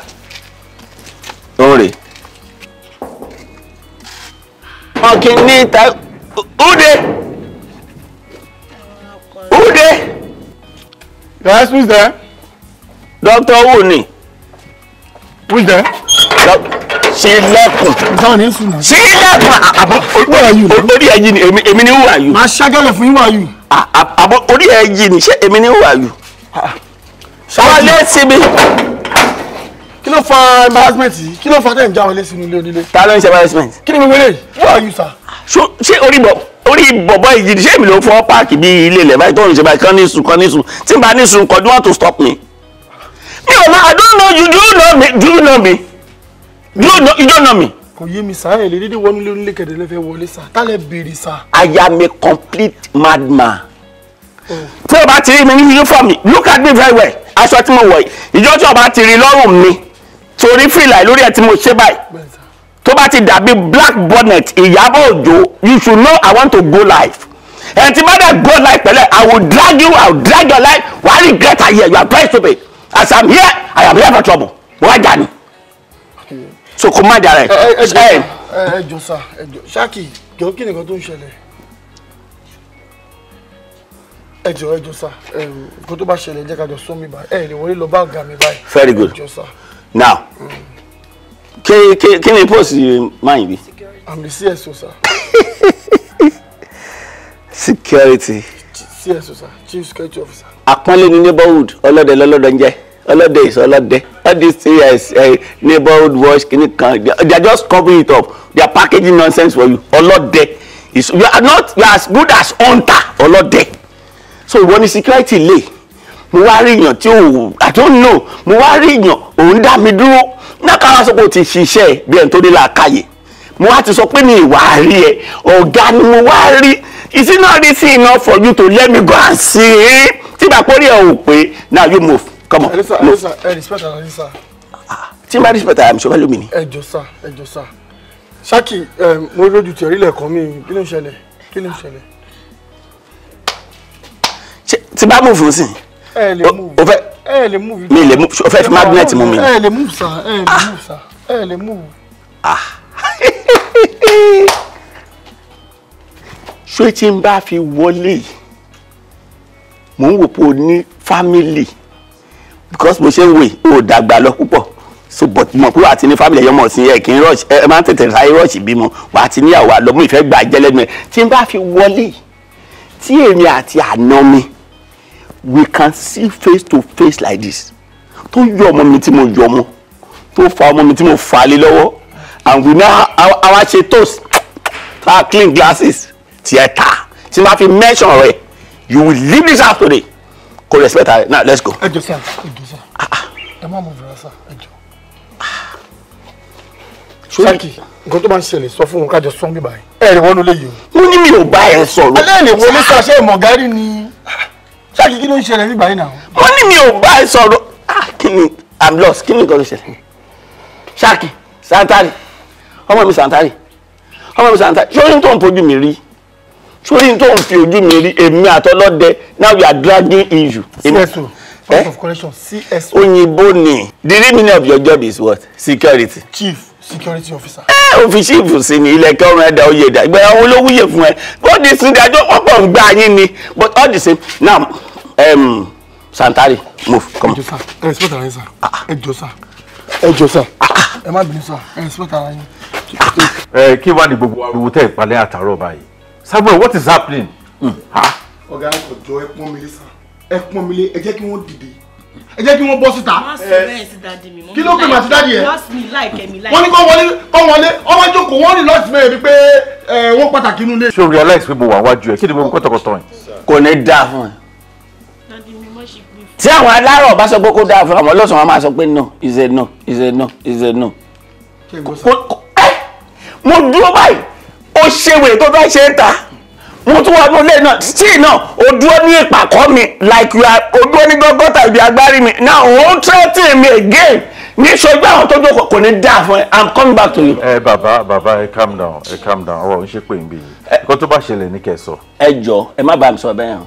ń rè. wọn kì í ní ta ude ude. guys who's there. doctor wo ni. who's there. sílẹ̀kùn. ìtàn ní sùn náà. sílẹ̀kùn àbọ̀ orí ẹ̀yìn ni èmi ni wà yù. màá ṣàgẹ́lẹ̀ fún wà yù. àbọ̀ orí ẹ̀yìn ni ṣé èmi ni wà yù. wọ́n lé síbi kí ló fa embarrassment yìí kí ló fa tẹ̀ ń já wọlé sínú ilé onílé. ta ló ń ṣe embarrassment. kí ni mo wéré yìí wọ́n yù sá. ṣé orí bọ̀ orí bọ̀bọ̀ ìjìdí ṣé èmi ló fọ́ páàkì bí ilé ilẹ̀ báyìí tó ń ṣe báyìí kán ní sùn kán ní sùn tí n bá ní sùn kọ́ do you want to stop me. mi ò mọ I don't know you do you know me do you know me do you don't know me. kò yé mi sá èlé dídí wọnú lé onílé kẹ̀dẹ̀ lẹ́fẹ̀ẹ́ wọlé sá tálẹ̀ bèrè sá. I am a complete madman oh. tí o bá ti rí mi ní uniform look at me very well aṣọ tí mo wọ̀ yìí ìjọ́ tí o bá ti rí lọ́rùn mi torí fìlà lórí ẹ̀ tí mo ṣe báyìí tó bá ti dàbí black bonnet ìyábọ̀ òjò you should know i want to go live ẹni tí bá dẹ̀ go live pẹ̀lẹ́ i will drag you i will drag your life wà á regret ayé you are very stupid as i am here i am here for trouble wọ́n á jà ní so kò má jà rẹ̀. ẹ ẹ jọ sá ẹ jọ ṣáàkì jọ kí nìkan tó ń ṣẹlẹ̀ ẹ jọ ẹ jọ sá ẹ nǹkan tó bá ṣẹlẹ̀ jẹ́ ká jọ sún mi báyìí ẹ lè wọlé lọ bá ọ̀gá mi báyìí. very good ẹ jọ sá now kí kí kí ni post máa yìí bí. i'm the cso sir. security. cso sir chief security officer. àpọ́nlé ní neighborhood ọlọ́dẹ lọ́lọ́dọ̀ ń jẹ́ ọlọ́dẹ is ọlọ́dẹ all these things uh, eh, neighborhood watch kìíní kan they are just covering it up they are packaging nonsense for you ọlọ́dẹ is you are not you are as good as hunter ọlọ́dẹ so ìwọ ni security lay mo wá rí èèyàn tí ò I don't know mo wá rí èèyàn òun dá mi dúró nákàrà sọ pé o ti ṣiṣẹ́ bí ẹni tó dé làákàyè mo wá ti sọ pé mi ìwà rí ẹ ọ̀gá ni mo wá rí is it not easy enough for you to let tí bàpọ̀ ẹ ò pé now you move come on elisa, move. Elisa, eh, respect, elisa. Ah, tí n bá respect am ṣọfẹ́ lómi ni. ẹ jọ sá ẹ jọ sá ṣáàkì um, mo lójú tí orílẹ̀ kan mi kí ló ń ṣẹlẹ̀ kí ló ń ṣẹlẹ̀. ti bá mú fún sí i ẹ lè move o fẹ́ ẹ lè move mi lè move o fẹ́ fi magnet mú mi. ẹ lè move sa ẹ lè move sa ẹ lè move. Ah. ṣé tí n bá fi wọlé mò ń wò pé o ní family because mo ṣe ń wè o dàgbà lọ púpọ̀ so but mo pé wàá ti ní family ẹ̀yọ́ mọ̀ sí ẹ̀ kí n rush ẹ máa ń tètè ráyé rush bímọ wàá ti níyàwó àlọ́mú ìfẹ́ gbà jẹ́ lẹ́nu ẹ̀ tí n bá fi wọlé tí èmi àti àná mi we can see face to face like this tó yọ ọmọ mi tí mo yọ ọmọ tó fa ọmọ mi tí mo fà lé lọ́wọ́ and we now our ṣe toast our clean glasses theatre tí ma fi mention rẹ you will leave this house today kò respect her now let's go. ẹjọ sá ẹjọ sá ah, ah. ẹ má mú ìrora sá ẹjọ. Ah. sọ́ọ̀kì nǹkan tó máa ń ṣẹlẹ̀ sọ fún un kájọ sọ́ọ́ bíbá yìí. ẹ ẹ̀ wọ́n ló lè yìí o. mo ní mi ò bá ẹ sọ̀rọ̀. alẹ́ ìwọ ní sàṣẹ ìmọ̀gárì ni ṣáàkì kí ló ń ṣẹlẹ̀ nígbà yìí náà. mo ní mi ò bá ẹ sọ̀rọ̀ ah, kíni i'm lost kíni nǹkan tó ṣẹlẹ̀ ṣáàkì santari ọmọ mi santari ọmọ mi santari ṣóyún tó ń fojú mi rí ṣóyún tó ń fi ojú mi rí èmi àtọlọ́dẹ now we are dragging issue. cso source eh? of correction cso. òyìnbó ni the real meaning of your job is what security. chief security officer òfin ṣìfù sí ni ilẹ̀ kí ọrùn ẹ̀dá oyè ẹ̀dá ìgbà àwọn olówúyè fún ẹ bó di sí ìdájọ́ pọ̀pọ̀ gbà yín ni but all the same now um, Santari move come on. ẹ jọ sá ẹ respect ara yín sá ah, ah. ẹ jọ sá ẹ jọ sá ah, ẹ má bínú sá ẹ respect ara yín. ẹ eh, kí wàá ní gbogbo ariwo tẹ ìpalẹ àtàrọ báyìí Samuel what is happening. Hmm. ọ̀gá ọ̀jọ̀ ẹ pọ́n mi lé sá ẹ pọ́n mi lé ẹ jẹ́ kí wọ́n dìde ẹ jẹ́ kí wọ́n bọ́ síta. kí ló pè mà sí dáàdì ẹ̀. wọ́n ní kó wọlé kó wọlé ọmọ jókòó wọ́n rìn lọ́ọ̀tì mẹ́rin wípé wọ́n pàtàkì inú ilé. ṣé o realize pé mo wà wájú ẹ kí ni mo kọ́tọ̀kọ́tọ̀ yìí. kò ní dáa fún ẹ. tí àwọn alárọ̀ bá sọ pé kó dáa fún àwọn ọlọ́sàn-án máa sọ pé no is a no is a no is a no. mo dúró báyìí ó ṣe wèrè tó fẹ́ ṣe é ta mo tún wà ní olè náà still náà o dúró ní ìpàkọ́ mi like you are o dúró ní gọ́gọ́tà ibi agbárí mi now o ń tẹ́tí mi again ní ṣojú àwọn tó jókòó kò ní dáa fún ẹ i'm coming back to you. ẹ bàbá bàbá ẹ calm down ẹ calm down ọ̀rọ̀ ń ṣe pé nbí yìí kó tó bá ṣẹlẹ̀ ní kẹsọ. ẹ jọ ẹ má bá mi sọ bẹ́ẹ̀ hàn.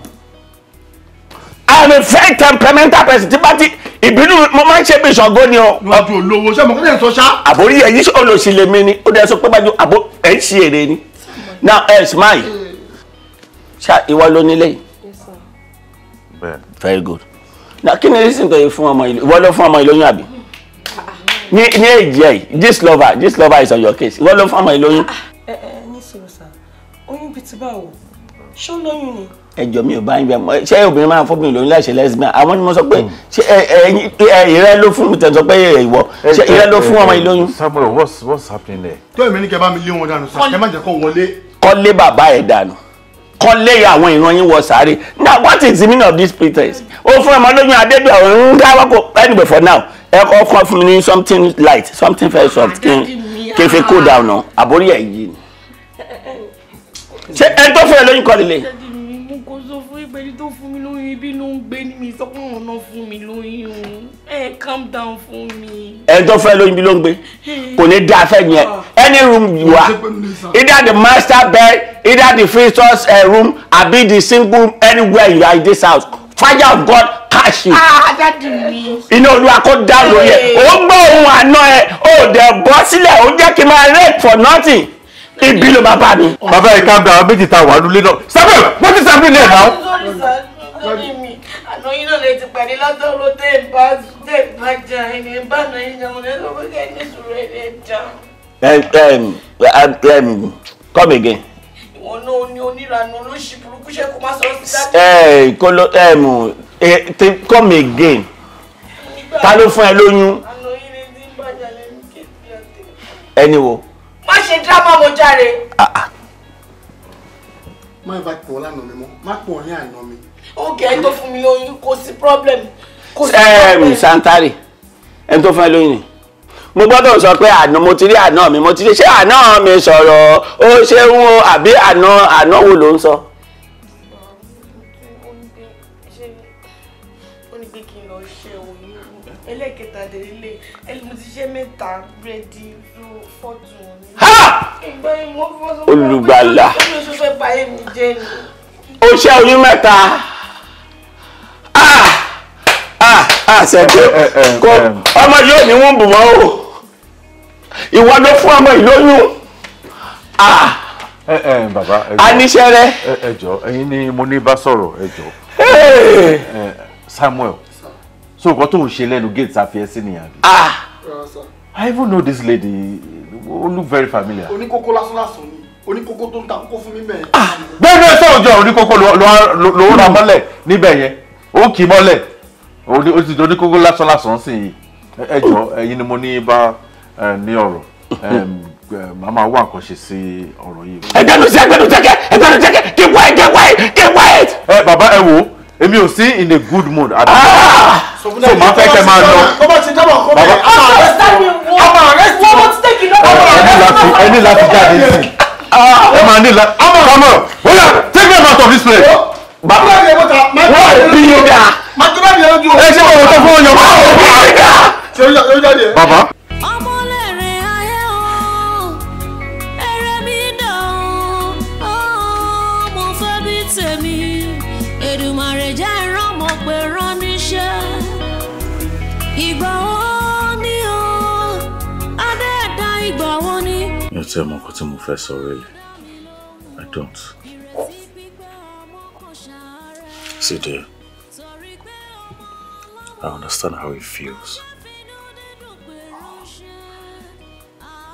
i'm a very temperamental person tí bá ti ìbínú mo máa ń ṣe bí ìṣọ̀gbọ́n ni o. níwájú olówó ṣé mo kọ́ ẹ̀ sọ ṣá. àbórí ẹ̀yìn olùsílẹ̀ mi ni ó dẹ̀ sọ pé bájú àbó ẹ̀ ń ṣe èrè ni now ẹ̀ smile ṣá ìwọ ló nílé yìí. very good na kí ni reason tó yẹ fún ọmọ ìlú ìwọ ló fún ọmọ ìlú oyún àbí ah, ah. ní ní èjì ẹ this lover this lover is on your case ìwọ ló fún ọmọ ìlú ah, eh, eh, oyún. ẹ ẹ ní sọ̀rọ̀ sà oyún bíi ti báwo ṣó lóyún ni ẹjọ mi ò bá ń bẹ mọ ṣé obìnrin máa fọ́ obìnrin lóyún láìṣe lesbian àwọn ni mo sọ pé hmm. ṣé ẹ ẹ ìrẹ́ ló fún mi tẹ̀sán pé ìwọ ṣé ìrẹ́ ló fún ọmọ ìlóyún. Samuel what's what's happening there. tó èmi ní kẹ bá mi lé wọn dànù sá ẹ má jẹ́ kó wọlé. kọ́lé bàbá kọ́ lẹ́yìn àwọn ìran yín wọ sáré now what is the meaning of this pretext ó fún ọmọ lóyún adébíyà òun ń dáwọ́ kó anyway for now ẹ kọ́ kọ́ fún mi ní something light something very soft kí n fi cool down náà àbórí ẹ̀ yìí ṣé ẹni tó fún ẹ lóyún kọ́ lélẹ̀ pé ẹni tó fún mi lóyún ibi ló ń gbé ní mi sọ pé òun náà fún mi lóyún ẹ calm down fún mi. ẹni tó fẹ́ lóyún ibi ló ń gbé hmm. kò ní dá afẹ́ yẹn ah. any room you are either the master bed either the visitors uh, eh, room abi the single room anywhere you are in this house fire of God cash you. Ah, iná olúwa kó dáhùn yẹ ó gbọ́ ohun àná ẹ ó dẹ̀ bọ́ sílẹ̀ ó jẹ́ kí n máa rate for nothing ibi ló máa bá mi. bàbá yìí ká bẹ àwọn méjì tá a wà lulẹ̀ náà samuel wọ́n ti sàmì ilé ẹ̀ náà. àná yín náà lè ti pàdé látọ̀rọ̀ tẹ́ ẹ̀ bá tẹ́ ẹ̀ bá jà ẹni ẹ̀ bá náà yín jẹun ẹ̀ lọ́wọ́ kẹ́ ẹ̀ ní sùúrù ẹ̀ jà. Um, um, come again. ìwọ náà ni oníranú olóṣì burúkú ṣe kó má sọ ọ́ sí dájú. ẹ eh, kolo um, eh, come again ta ló fún ẹ lóyún ẹni wo. Anyway má ṣe dírámà mo járe. Ah, ah. má bá pọ̀ lánàá mi mọ́ má pọ̀ ní àná mi. oge ẹni tó fún mi lóyún kò sí problem. ẹẹm eh, santari ẹni tó fún ẹ lóyún ni mo gbọ́dọ̀ sọ pé àná mo ti rí àná mi mo ti rí ṣé àná mi sọ̀rọ̀ ó ṣeun o àbí àná àná wo ló ń sọ. ẹlẹ́kẹta délé mo ti ṣe mẹ́ta búrẹ́dì fọ́tù olùgbàlà ó ṣe onímẹ́ta àṣẹ̀dé ah, ah, ah, eh, eh, eh, kò ọmọ yóò ní wọ́n bù wọ́n o ìwọ ló fún ọmọ ìlóyún aníṣẹ́ rẹ. ẹ jọ̀ọ́ ẹ̀yin ni mo ní bá sọ̀rọ̀ ẹ jọ̀ọ́ Samuel so nǹkan tó ń ṣe lẹ́nu gate àfiyèsí nìyàbí. I even know this lady ó look very familiar. oníkókó lásánlásán ni oníkókó tó ń ta kókó fún mi mẹ́ẹ̀. gbẹ́gbẹ́ sọ̀jọ́ oníkókó ló ra mọ́lẹ̀ níbẹ̀ yẹn ó kì í mọ́lẹ̀ ó ti di oníkókó lásánlásán sí i ẹ jọ ẹ̀yin ni mo ní bá ní ọ̀rọ̀ màá máa wá nǹkan ṣe sí ọ̀rọ̀ yìí. ẹgbẹ́nu sí ẹgbẹ́nu jẹ́kẹ́ ẹgbẹ́nu jẹ́kẹ́ kí wá ẹ̀ kí wá ẹ̀ kí wá ẹ̀. ẹ bàbá ẹ wo èmi ò sí in a good mood so màá fẹ́ kẹ́ máa lọ. bàbá ọ̀rẹ́ sẹ́yìn wọ́n ẹ ní láti jáde sí ẹ máa ní láti come on bóyá take them out of this place. bàbá mi ò bọ́ta máa ń bí yín dá. máa ń bí yín dá. ẹ ṣe kò tó fún ọyàn. bàbá. Èdùmàrè jẹ́ ìrànmọ́ pé rán níṣẹ́ ìgbà ó. ò tiẹ̀ mọ nǹkan tí mo fẹ́ sọ really I don't. See dear, I understand how it feels.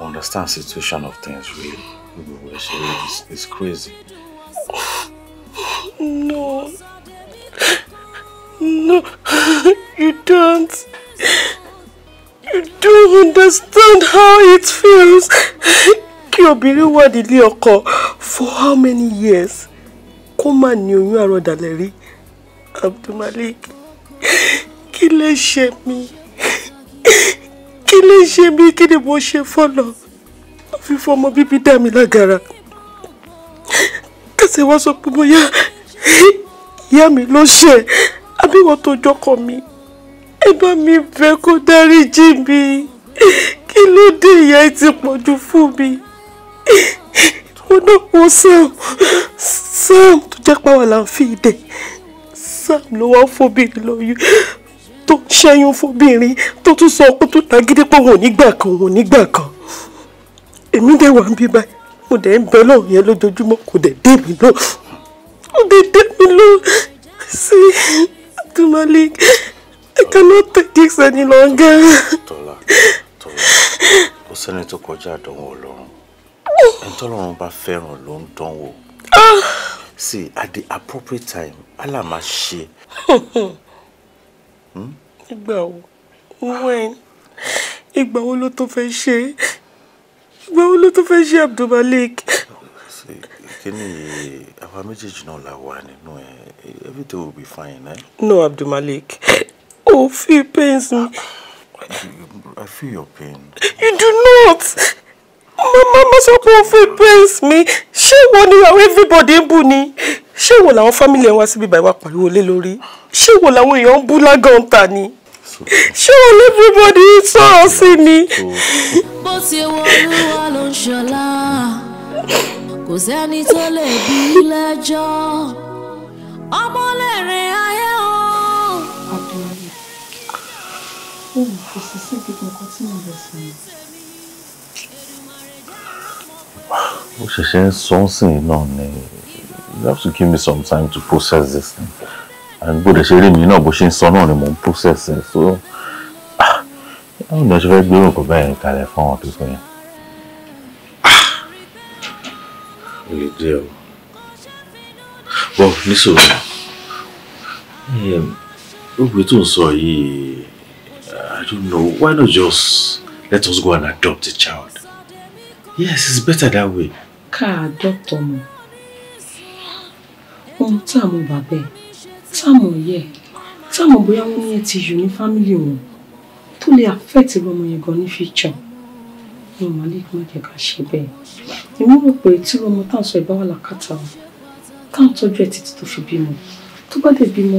I understand situation of things really. It's, it's crazy. No. No, you don't understand how it feels kí obìnrin wà nílé ọkọ for how many years kó má ní oyún àrọ̀dàlẹ̀ rí Abdulmalik kí lè ṣe mí kí lè ṣe mí kí ni mo ṣe fọlọ fífọ ọmọ bíbí dá mi lágara kẹsẹ̀ wá sọ pé bóyá ìyá mi ló ṣe àbí wọ́n tó jọkọ̀ mi ẹ bá mi bẹ̀ kó dáríjì mi kí ló dé ìyá ẹ ti pọ̀ jù fún mi wọn náà wọ sam sam tó jẹ́ pàwọ́ là ń sam ló wá fóbìnrin lóyún tó ń ṣẹ́yún fóbìnrin tó tún sọ ọkọ tó tagídí pé òun ò ní gbà kan òun ò ní gbà kan èmi dẹ̀ wà ń bí báyìí mo dẹ̀ ń bẹ lọ́rùn yẹn lójoojúmọ́ kò dẹ̀ dé mi lọ kò dẹ̀ dé mi lọ sí Abdulmalik I cannot take this any longer sọ̀rọ̀ kò sẹ́ni tó kọjá àdánwò ọlọ́run ẹni tọ́lọ́run bá fẹ́ràn ló ń dánwò see at the appropriate time Allah máa ṣe. Hmm? ìgbà wo when ìgbà wo ló tó fẹ́ ṣe ìgbà wo ló tó fẹ́ ṣe Abdulmalik. kíni àwa méjèèjì náà la wà nínú ẹ everything will be fine. Eh? no Abdulmalik o oh, feel pains me. I feel your pain. You do not. Mama Masopo fẹ́ praise me. She ìwọ ni everybody ń bú ni? Ṣé ìwọ family wa síbi bàbá pariwo lé lórí? Ṣé ìwọ làwọn èèyàn ń bú lágọ̀ǹta ni? Ṣé ìwọ ni everybody sọ̀rọ̀ sí ni? Bó ti wọ olúwa ló ń ṣọlá, kò sẹ́ni tó lè bí Oh kò sì sí ibi kankan tí mo lè sùn. mo ṣẹ̀ṣẹ̀ ń sọ you have to give me some time to process this thing and but the ṣe rí mi náà bó ṣe ń sọ processing. so I'm ni o ṣe fẹ́ gbé to bẹ́ẹ̀ kalẹ̀ fún àwọn tó sẹ́yìn. ó lè jẹ́ o bọ́ nísòro ó gbé tó ń I don't know. Why not just let us go and adopt a child? Yes, it's better that way. Ká adopt ọmọ. Ohun tá a mọ̀ bàbá ẹ̀, tá a mọ̀ yẹ, tá a mọ̀ bóyá wọ́n ní ẹtì yù ní fámìlì wọn tó lè affect future. No, ìmọ̀ lè má jẹ́ be. ṣe bẹ́ẹ̀. Èmi rò pé tí ọmọ tá à ń the ìbá Can't lákàtà wọn, tá à ń tọ́jú ẹ̀ títí tó fi bímọ. Tó bá dé bímọ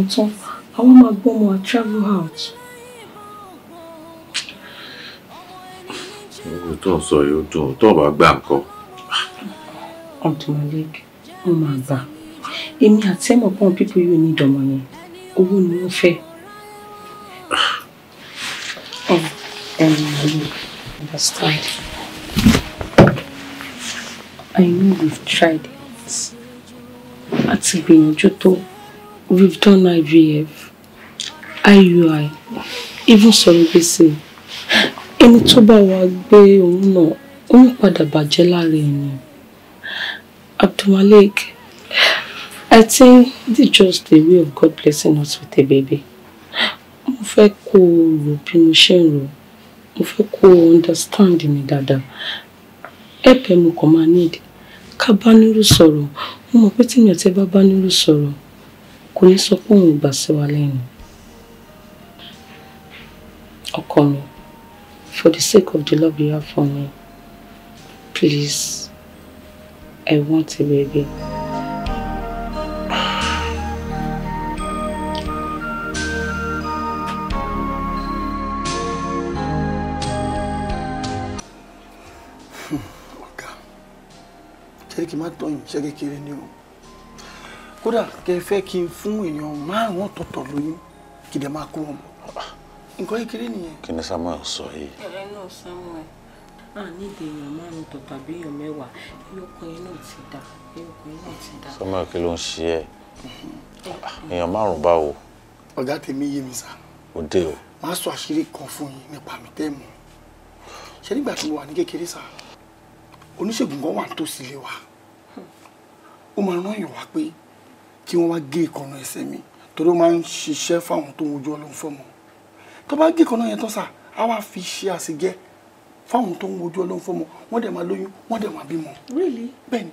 travel out. tó ń sọ yóò dùn tó ń bá gbà nǹkan. Uncle Malik wọn máa gbà èmi àti ẹ̀mọ̀ pọ́n pípọ̀ yóò ní ìdánmọ̀ yẹn owó ni wọ́n fẹ́. Oh, Understand. Um, I know we've tried it. A ti tó. We've done IVF, IUI, even surrogacy ẹni tó bá wa gbé òun náà òun padà bàjẹ́ lára ẹni Abdulmalik I think this is just the way of God blessing us with a baby mo fẹ́ kó o rò bí mo ṣe ń rò mo fẹ́ kó o understand mi dáadáa ẹ̀pẹ̀ mo kàn máa need ká bá nílùú sọ̀rọ̀ mo mọ̀ pé tí mi ò tẹ́ bá bá nílùú sọ̀rọ̀ kò ní sọ pé òun gbà sí wa lẹ́nu ọkọ mi. For the sake of the love you have for me, please, I want a baby. kí n má tọyìn iṣẹ́ kékeré ni o kódà kẹ fẹ́ kí n fún èèyàn márùn-ún ọ̀tọ̀ọ̀tọ̀ lóyún kí n nǹkan kékeré nìyẹn. kí ni Samuel sọ yìí. ẹ náà Samuel a nídìí èèyàn márùn tó tàbí èèyàn mẹ́wàá ẹyọkùnrin náà ti dà ẹyọkùnrin náà ti dà. Samuel kí ló ń ṣe ẹ èèyàn márùn báwo. ọ̀gá tèmi yé mi sá. ó dé o. máa sọ àṣírí kan fún yín nípa mi tẹ́ mọ̀ nígbà tí mo wà ní kékeré sá oníṣègùn kan wà nítòsí ilé wa ó máa rán èèyàn wá pé kí wọ́n wá gé ìkànnà ẹsẹ̀ mi torí ó máa ń ṣiṣẹ́ fáwọn tó ń wojú ọlọ́run fọ́mọ tó bá gé kaná yẹn tán sà á wá fi ṣe àṣejẹ fáwọn tó ń wojú ọlọ́run fọmọ wọ́n dẹ̀ máa lóyún wọ́n dẹ̀ máa bímọ. really bẹ́ẹ̀ni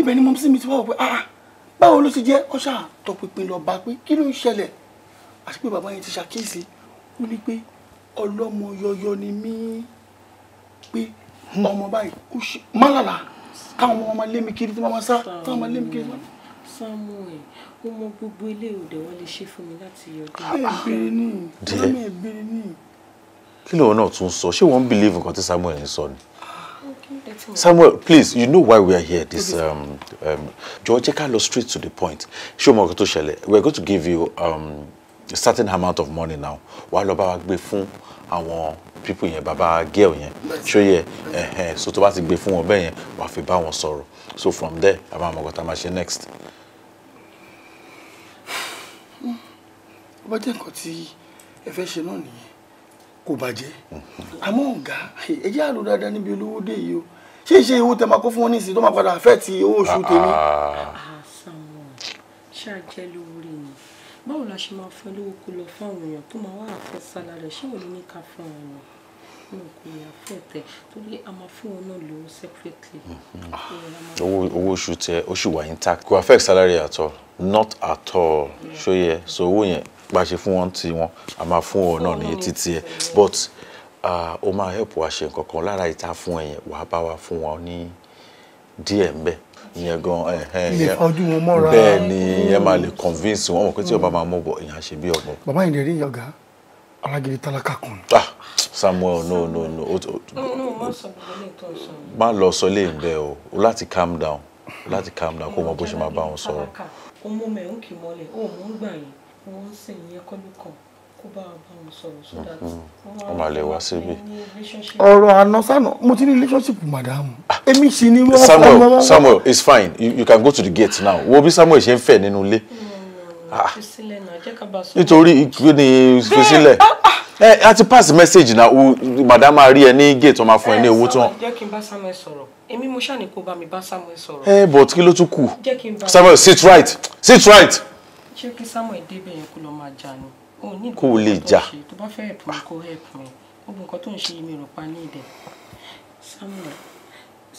ibẹ̀ ni mo sì mi ti wáwọ̀ pé ah báwo ló ti jẹ́ ọ̀ṣà tọpinpin lọ bá pé kí ló ń ṣẹlẹ̀ àti pé bàbá yẹn ti ṣàkíyèsí ó ní pé ọlọ́mọ yọyọ ni mí pé ọmọ báyìí ó ṣe málàlà táwọn ọmọ máa lé mi kiri tí wọ́n máa sá táwọn máa lé mi kiri tí wọ́n máa. samuel mo mọ gbogbo ilé òde wọn lè ṣe fún mi láti yọjú. ìbéèrè kí lóun náà tún sọ ṣé wọ́n ń believe nǹkan tí Samuel ń sọ ni. Ah, Samuel, please, you know why we are here. This, um, um, George, jẹ́ ká lọ straight to the point. Show mo to ṣẹlẹ̀. We're going to give you um, a certain amount of money now. Wá lọ bá wa gbé fún àwọn people yẹn, bàbá girl yẹn. Show ye, eh So tó bá ti gbé fún wọn bẹ́ẹ̀ yẹn, wá fi bá wọn sọ̀rọ̀. So from there, a máa mọ nǹkan tá máa ṣe next. ó bá jẹ́ nǹkan tí ẹ fẹ́ ṣe náà nìyẹn kò bàjẹ́ àmọ́ ọ̀gá ẹ jẹ́ àlọ́ dáadáa níbi olówó dé yìí o ṣé ìṣe owó tẹ máa kó fún wọn nísìnyí tó máa padà fẹ́ ti owó oṣù ah, tèmi. Ah. Ah, ṣáàjẹ́ lórí ni báwo la ṣe máa fún ẹ lówó kó lọ fún àwọn èèyàn tó máa wá àfẹ́ sálárì ṣé wọ́n ló ní ká fún àwọn èèyàn náà kò ní àfẹ́ tẹ torí a máa fún wọn náà lówó separately. owó oṣù tẹ oṣù wà intact kò affect salary at all not at all ṣó yẹ so owó yẹn bá a ṣe fún wọn ti wọn a máa fún ọ náà ní títí ẹ but ó máa help wa ṣe nǹkan kan lára ìta fún ẹ̀yìn wà á bá wa fún wọn ní díẹ̀ ńbẹ̀ ìyẹn gan ilé ọdún wọn mọ́ra bẹ́ẹ̀ ni ẹ máa lè convince wọn mọ̀ pé tí ọba mm. máa mú bọ̀ ìyẹn á ṣe bí ọgbọ́n. bàbá yìí lè rí ìyọ̀gá alágídí tálákà kan. ah Samuel no no no No, lọ sọ lé ń bẹ o láti calm down láti calm down kó mọ bó ṣe máa bá wọn sọ̀rọ̀. ọmọ mẹ́rin kì í mọ́lẹ̀ ó mú gbà yín wọn ń sìn yẹn kọ́ ló kàn kó bá wa bá wọn sọ̀rọ̀ so that mhm. wọ́n máa lè wá síbí. ọ̀rọ̀ ànásánà mo ti ní relationship madam ah. èmi sì ni wọ́n fọ́ ọmọ. Samuel Samuel it's fine you, you can go to the gate now wo bí Samuel ṣe ń fẹ̀ nínú ilé. Hmm, ah. nítorí ìpínlẹ̀ ìfisílẹ̀ ah, ẹ a ti pass message na madam a rí ẹ ní gate ọmọ fún ẹ ní eh, owó tán. jẹ́ kí n bá Samuel sọ̀rọ̀ èmi mo ṣàní kó bá mi bá Samuel sọ̀rọ̀. ẹ eh, but kí ló tún kù Samuel sit right sit right ṣé kí Samuel débẹ̀ yẹn kó lọ máa jà ni òun ní kó lè jà tó bá fẹ́ ẹ̀pù kó ẹ̀pù ẹ̀ gbogbo nǹkan tó ń ṣe mi rò pa ní ìdẹ Samuel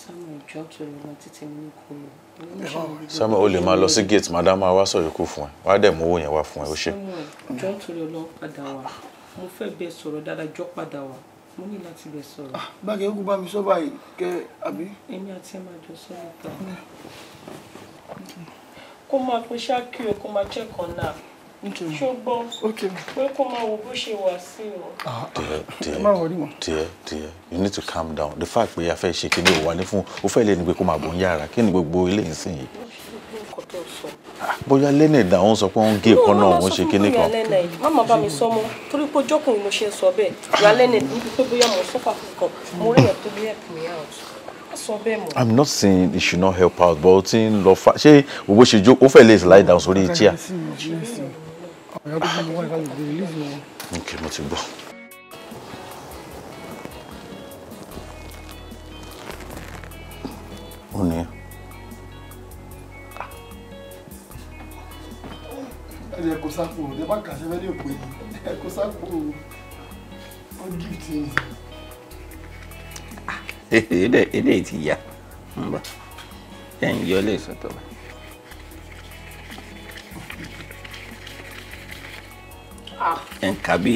Samuel jọ torí lọ títí ní kó Samuel o lè máa lọ sí gate madam máa wá sọ̀rọ̀ ikú fún ẹ wá dẹ̀ mú owó yẹn wá fún ẹ ó ṣe. Samuel jọ torí lọ padà wá mo fẹ́ bẹ sọ̀rọ̀ dáadáa jọ padà wá mo ní láti bẹ sọ̀rọ̀. Ah, báàgì ogun bá mi sọ báyìí kẹ àbí. èmi àti ẹ máa jọ sọ̀rọ̀ hmm kó máa pe ṣáàkì o kó máa jẹ́kan náà ṣùgbọ́n pé kó máa wo bó ṣe wà sí o. Ah, ah, díẹ̀ díẹ̀ you need to calm down the fact pé a fẹ́ ṣe kíní òwà ní fún o fẹ́ lé ní pé kó máa bọ̀ ń yára kí ni gbogbo ilé ń sìn yìí. Ah, bóyá lẹ́nà ìdá òun sọ pé òun gé ẹ̀kọ́ náà òun ṣe kíní kan. má má bá mi sọ mọ́ torí pé ojókùnrin mo ṣe sọ bẹ́ẹ̀ ìyá lẹ́nà níbi pé bóyá mo sọ́kà kankan mo rí ẹ̀ tó bí ẹ̀ pè mí out i'm not saying it should not help out but in love, she we fa ṣé over ṣe jókòó down. fẹ́ lè slide down sórí chair. okay mo ti gbọ́. ó ní. ẹni ẹ kò sáfù ẹ bá kà sẹ́fẹ́ ní òpin ẹ kò sáfù ó gíftì èdè ti yá ń bọ̀ ẹ̀ ń yọ lè sọ̀tọ̀ bá. ẹ̀ ń kà bí.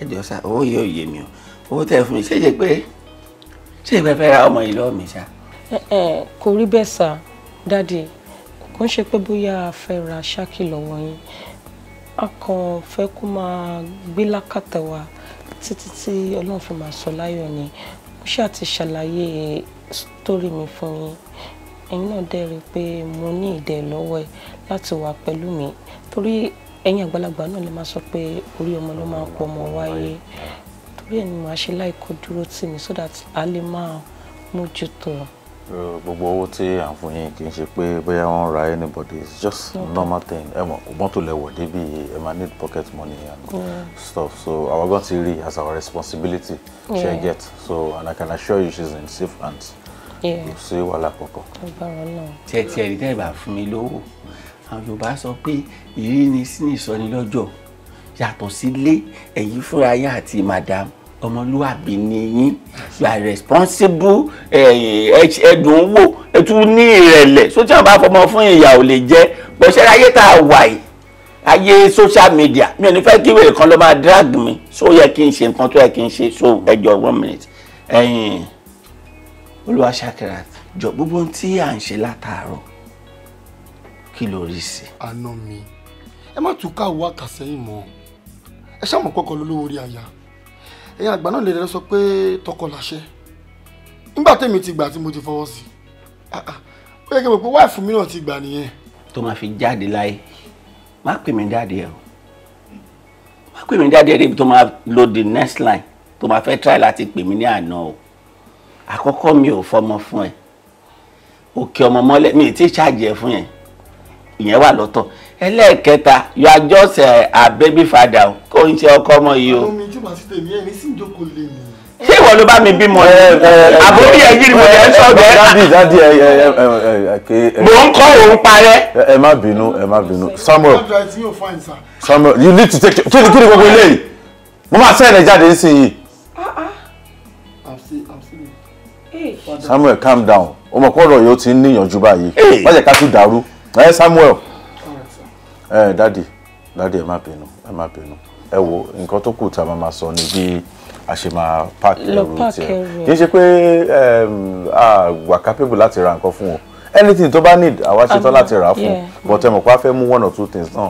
ẹjọ sá owó mi o owó tẹ fún mi ṣé ṣe pé ṣé ìfẹ́ fẹ́ ra ọmọ yìí mi sá. ẹ ẹ kò rí bẹ́ẹ̀ sá dáàdi kò ń ṣe pé bóyá a fẹ́ ra ṣáàkì lọ́wọ́ yín a kàn fẹ́ kó máa gbé lákàtà wa títí tí ọlọ́run fi máa sọ láyọ̀ ni mo ṣáà ti ṣàlàyé sítórì mi fún yín ẹ̀yin náà dẹ̀ pé mo ní ìdẹ̀ lọ́wọ́ ẹ láti wà pẹ̀lú mi torí ẹ̀yin àgbàlagbà náà lè máa sọ pé orí ọmọ ló máa pọ̀ ọmọ wáyé torí ẹ̀ ni màá ṣe láìkó dúró tì mí so that a lè máa mójútó gbogbo owó tí à ń fún yín kì í ṣe pé bóyá wọ́n ra anybody it's just okay. Mm. normal thing ẹ mọ̀ mọ́tò lẹ́wọ̀ débi ẹ máa need pocket money and yeah. Mm. stuff so our gan ti rí as our responsibility yeah. share get so and I can assure you she's in safe hands kò sí wàhálà kankan. tiẹ̀ tiẹ̀ rí dẹ́gbà fún mi lówó àwọn Yorùbá sọ pé ìrírí ni sí ìsọnilọ́jọ̀ yàtọ̀ sílé ẹ̀yin fúnra yín àti madam ọmọlúwàbí ni yín you are responsible ẹdùn wò ẹtú ní ìrẹ̀lẹ̀ sójú àwọn afọmọ fún ìyà ò lè jẹ bọṣẹ ayé tá a wà yìí ayé social media mi ò ní fẹ́ kí wèrè kan ló máa drag mi so yẹ kí n ṣe nǹkan tó yẹ kí n ṣe so ẹjọ one minute ẹyin olúwa ṣàkìrà jọ gbogbo tí à ń ṣe látàárọ̀ kí ló rí sí. àná mi ẹ má tún ká wákà sẹ́yìn mọ́ ẹ ṣàmọ̀ kọ́kọ́ lólówó rí aya ẹ̀yin àgbà náà lè lọ sọ pé tọkọ làṣẹ nígbà tèmi ti gbà tí mo ti fọwọ́ sí ah, ah, ó yẹ kí n mọ̀ pé wáìfù mi náà ti gbà nìyẹn. tó máa fi jáde láyé má pè mí jáde ẹ o má pè mí jáde ẹ débi tó máa lo the next line tó máa fẹ́ try láti pè mí ní àná o àkọ́kọ́ mi ò fọmọ fún ẹ òkè ọmọ mọ́lẹ̀ mi ì tí ì ṣáàjì ẹ fún yẹn ìyẹn wà lọ́tọ̀ ẹlẹ́ẹ̀kẹta you are just eh, a, baby father o kò ń ṣe ọkọ ọmọ yìí o. àwọn omi ìjọba sí tèmi ẹni sì ń jókòó lé mi. ṣé ìwọ ló bá mi bímọ eh, eh, ẹ àbórí ẹ yìí ni mo jẹ ń sọ bẹ́ẹ̀. dadi dadi ẹ ẹ ẹ ẹ. mò ń kọ́ òun parẹ́. ẹ má bínú ẹ má bínú Samuel Samuel you need to take kí ni kí ni gbogbo eléyìí mo máa sẹ́yìn ẹ jáde nísìnyìí. Ah, ah. Samuel calm down o mọ̀ pọ̀rọ̀ yóò ti ń níyànjú báyìí má jẹ́ ká tún dàrú ẹ Samuel ẹ eh, dadi dadi ẹ má bínú ẹ má bínú ẹ wo nǹkan tó kù tá a máa sọ ni bí a ṣe máa park ẹrù tiẹ̀ kì í ṣe pé a wà capable láti ra nǹkan fún o anything tó bá need àwa ṣetán um, láti rà á fún but ẹ mọ̀ pé a fẹ́ mú one or two things náà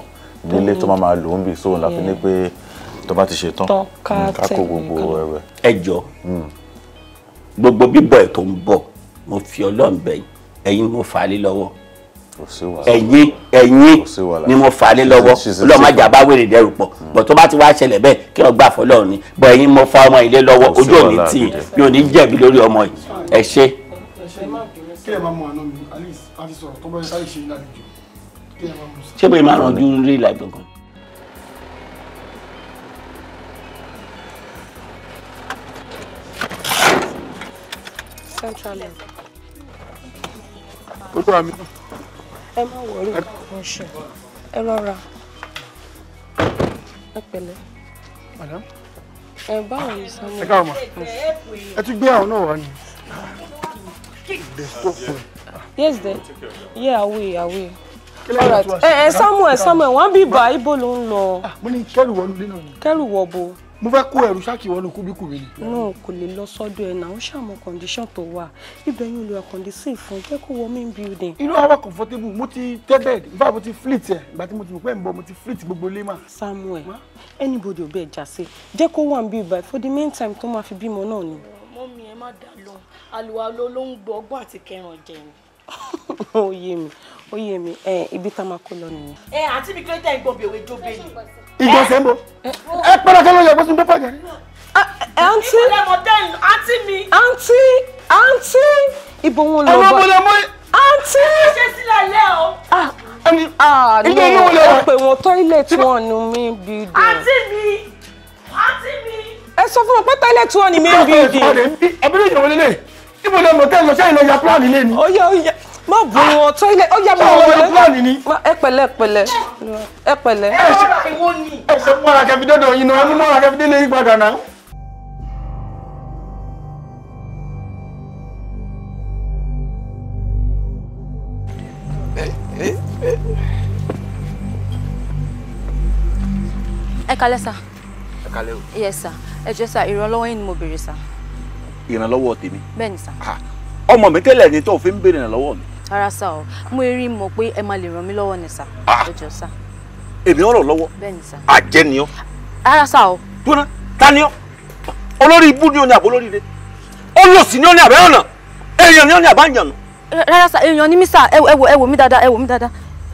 nílé tó máa máa lò ń bì so la fi ní pé tó bá ti ṣetán mm, ká kó gbogbo ẹrù ẹ. jọ mm. gbogbo bíbọ̀ ẹ̀ tó ń bọ̀ mo fi Ọlọ́run bẹ̀ ẹ̀yin mo fà á lé lọ́wọ́ ẹ̀yin ẹ̀yin ni mo fà lé lọ́wọ́ ọlọ́run má jàbá wèrè dẹ́rù pọ̀ hmm. bọ̀ tó bá ti wá ṣẹlẹ̀ bẹ́ẹ̀ kí wọ́n gbà fọlọ́run ni bọ̀ ẹ̀yin mo fa ọmọ ilé lọ́wọ́ ojú òní tì í mi ò ní jẹ̀bi lórí ọmọ yìí ẹ ṣe. ṣé bóyá máa rànjú rí ìlàjọ kan. Central Link. Ó ẹ má wọrí nǹkan kan ṣe ẹ rọra ẹ pẹ̀lẹ́. madam. ẹ báwo ni samuel. ẹ káwọn ma ẹ tún gbé àwọn náà wá ni. yes de yeah awe awe alright ẹ ẹ samuel samuel wọn bí bá ibo ló ń lọ. Ah, mo ní kẹrù wọ bo mo fẹ́ kó ẹ̀rù ṣáàkì wọnú kúbíkù mi ni. náà kò lè lọ sọ́dọ̀ ẹ̀ náà ó ṣàmọ̀ condition tó wà ibẹ̀ yín olùwà condition fún jẹ́ kó wọ main building. inú àwa comfortable mo ti tẹ́ bed nígbà mo ti flit ẹ̀ ìgbà tí mo ti mọ̀ pé ń bọ̀ mo ti flit gbogbo lé mà. Samuel anybody ò bẹ́ẹ̀ jà sí jẹ́ kó wà ń bí ibà for the meantime tó máa fi bímọ náà ni. mọ́mí ẹ má dà lọ àlùwalò ló ń gbọ́ ọgbọ́n àti kẹràn jẹ ni. ó yé mi ó yé mi ibi tá máa kó lọ nìyẹn. ẹ àǹtí kí ló tẹ̀ ń gbọ́ ni ìgbọ̀nsẹ̀ ń bọ̀ ẹ pẹ́rẹ́ kẹ́lẹ́ yọ ìgbọ̀nsẹ̀ ń dọ́pọ̀ jẹ́. àǹtí àǹtí mi. àǹtí àǹtí ibo wọn lọ bá. ọmọ bọlẹ mọ. àǹtí. ṣe sílẹ̀ lẹ́ o. ilé inú wọn lọ. ó pè wọn tọ́ílẹ̀tì wọn nù mí bídùn. àǹtí mi àǹtí mi. ẹ sọ fún wọn pé tọ́ílẹ̀tì wọn ni mí bídùn. ẹbí ló yẹ wọlé lé ibo lọ mọ̀tẹ́ má bu wọn tó ilé ó yá mi wọlé ọwọ́ plan ni ẹ pẹ̀lẹ́ ẹ pẹ̀lẹ́ ẹ pẹ̀lẹ́. ẹ ṣe ìwọ ni. ẹ ṣe mọ́ra kẹfí dọ́dọ̀ yín náà ẹ mú mọ́ra kẹfí délé yín padà náà. ẹ kalẹ́ sá. ẹ kalẹ́ o. yes sá ẹ jẹ́ sá ìrànlọ́wọ́ yín ni mo béèrè sá. ìrànlọ́wọ́ tèmi. bẹ́ẹ̀ni sá. Ah. ọmọ mi tẹ́lẹ̀ ni tó fi ń béèrè ìrànlọ́wọ́ mi. rárá sá o mo rí mọ̀ pé ẹ máa lè ràn mí lọ́wọ́ ni sá. Ah. ọjọ́ sá. èmi ọ̀rọ̀ lọ́wọ́ àjẹ́ ni ọ́. rárá sá o. dúró ta ni ọ́ olórí ibú ni ó ní àbó lórí ire olùsí ni ó ní àbẹ́ ọ̀nà èèyàn ni ó ní rárá sá èèyàn ni mí sá ẹ wò ẹ wò mí dáadáa ẹ wò mí dáadáa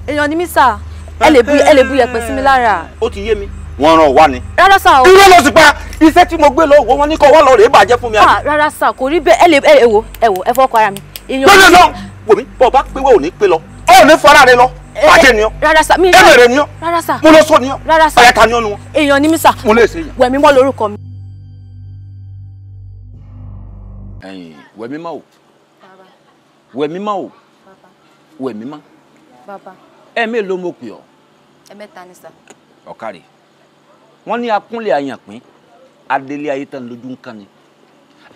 èèyàn ni mí sá ẹ lè bu ẹ lè bu yẹ̀pẹ̀ sí mi lára. ó ti yé mi wọ́n ràn wá ni. rárá sá o. irú ló sì pa iṣẹ́ tí mo gbé lọ́wọ́ wọn ní kọ́ wá lọ rèé bàjẹ́ fún mi. Ah, rárá sá kò rí bẹ́ẹ̀ ẹ lè ẹ wò ẹ wò ẹ ara mi. wò mi bọ́ ọ bá pé wẹ́ ò ní pé lọ ọ ní fara rẹ lọ eh, bàjẹ́ ni ọ rárá sà mi rárá èrè ni ọ rárá sà mo lọ sọ ni ọ rárá sà ọ̀yàtà ni ọ nu wọn. èèyàn ni mí sà mo lè ṣe èèyàn. wẹ̀mí mọ́ lórúkọ mi. ẹyin wẹ̀mí má o wẹ̀mí má o wẹ̀mí má. bàbá ẹ mélòó mo pè ọ. ẹ mẹ́ta ni sà. ọ̀kàrẹ̀ wọ́n ní akúnlẹ̀ àyànpín adélé ayé tán lójú ń kan ni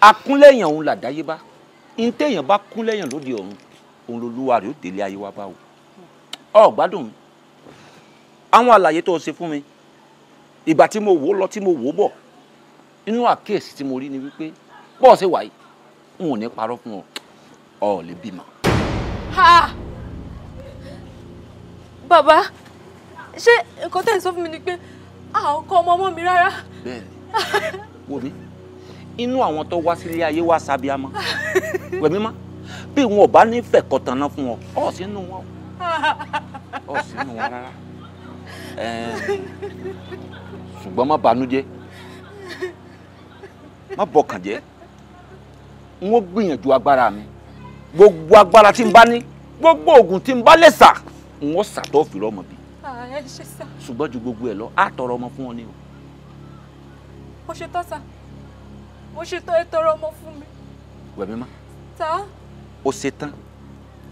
akúnlẹ̀ èèyàn òun làdáyébá ntẹ̀yàn bá kúnlẹ̀ èèyàn lóde ọ̀run òun lolúwa rèé ó délé ayé wa báwo ọ gbádùn àwọn àlàyé tó o ṣe fún mi ìgbà tí mo wò ó lọ tí mo wò ó bọ̀ inú àkíyèsí tí mo rí ni wípé bọ́ọ̀ ṣe wà yìí n ò ní parọ́ fún ọ ọ ò lè bímọ. bàbá ṣé nǹkan tẹ̀ ń sọ fún mi ni pé àwọn kọ́ ọmọ ọmọ mi rárá. bẹ́ẹ̀ni wo mi inú àwọn tó wá sílé ayé wá sábíàmọ wẹmí má bí wọn ò bá ní fẹ̀kọ̀tànà fún ọ ọ sí nù wọn ọ sí nù wọn rárá ṣùgbọ́n má banújẹ́ má bọkàn jẹ́ n ó gbìyànjú agbára mi gbogbo agbára tí n bá ní gbogbo oògùn tí n bá lè sà n ó sà tó fi rọmọ bí ṣùgbọ́n ju gbogbo ẹ̀ lọ á tọrọ ọmọ fún ọ ni o. mo ṣe tọ́ sa mo ṣe tọ́ ẹ tọrọ ọmọ fún mi. wẹ̀mí má. ta o ṣe tán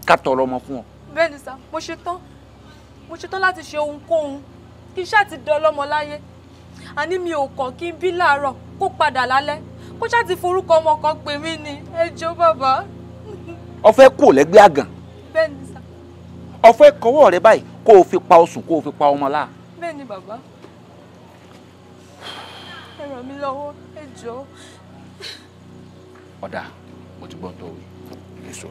ká tọrọ ọmọ fún ọ. bẹ́ẹ̀ ni sà mo ṣe tán mo ṣe tán láti ṣe ohunkóhun kí n ṣáà ti dán ọlọ́mọ láyé àní mi ò kàn kí n bí láàárọ̀ kó padà lálẹ́ kó ṣáà ti forúkọ ọmọ kan pè mí ni ẹ bàbá. o fẹ́ kò lẹ́gbẹ́ àgàn. bẹ́ẹ̀ ni sà. o fẹ́ kọwọ́ rẹ báyìí kó o fi pa osùn kó o fi pa ọmọ láà. bẹ́ẹ̀ ni bàbá ẹ ràn mí lọ́wọ́ ẹ jọ̀ọ́. ọ̀dà mo ti gbọ́ tó wí. 你说。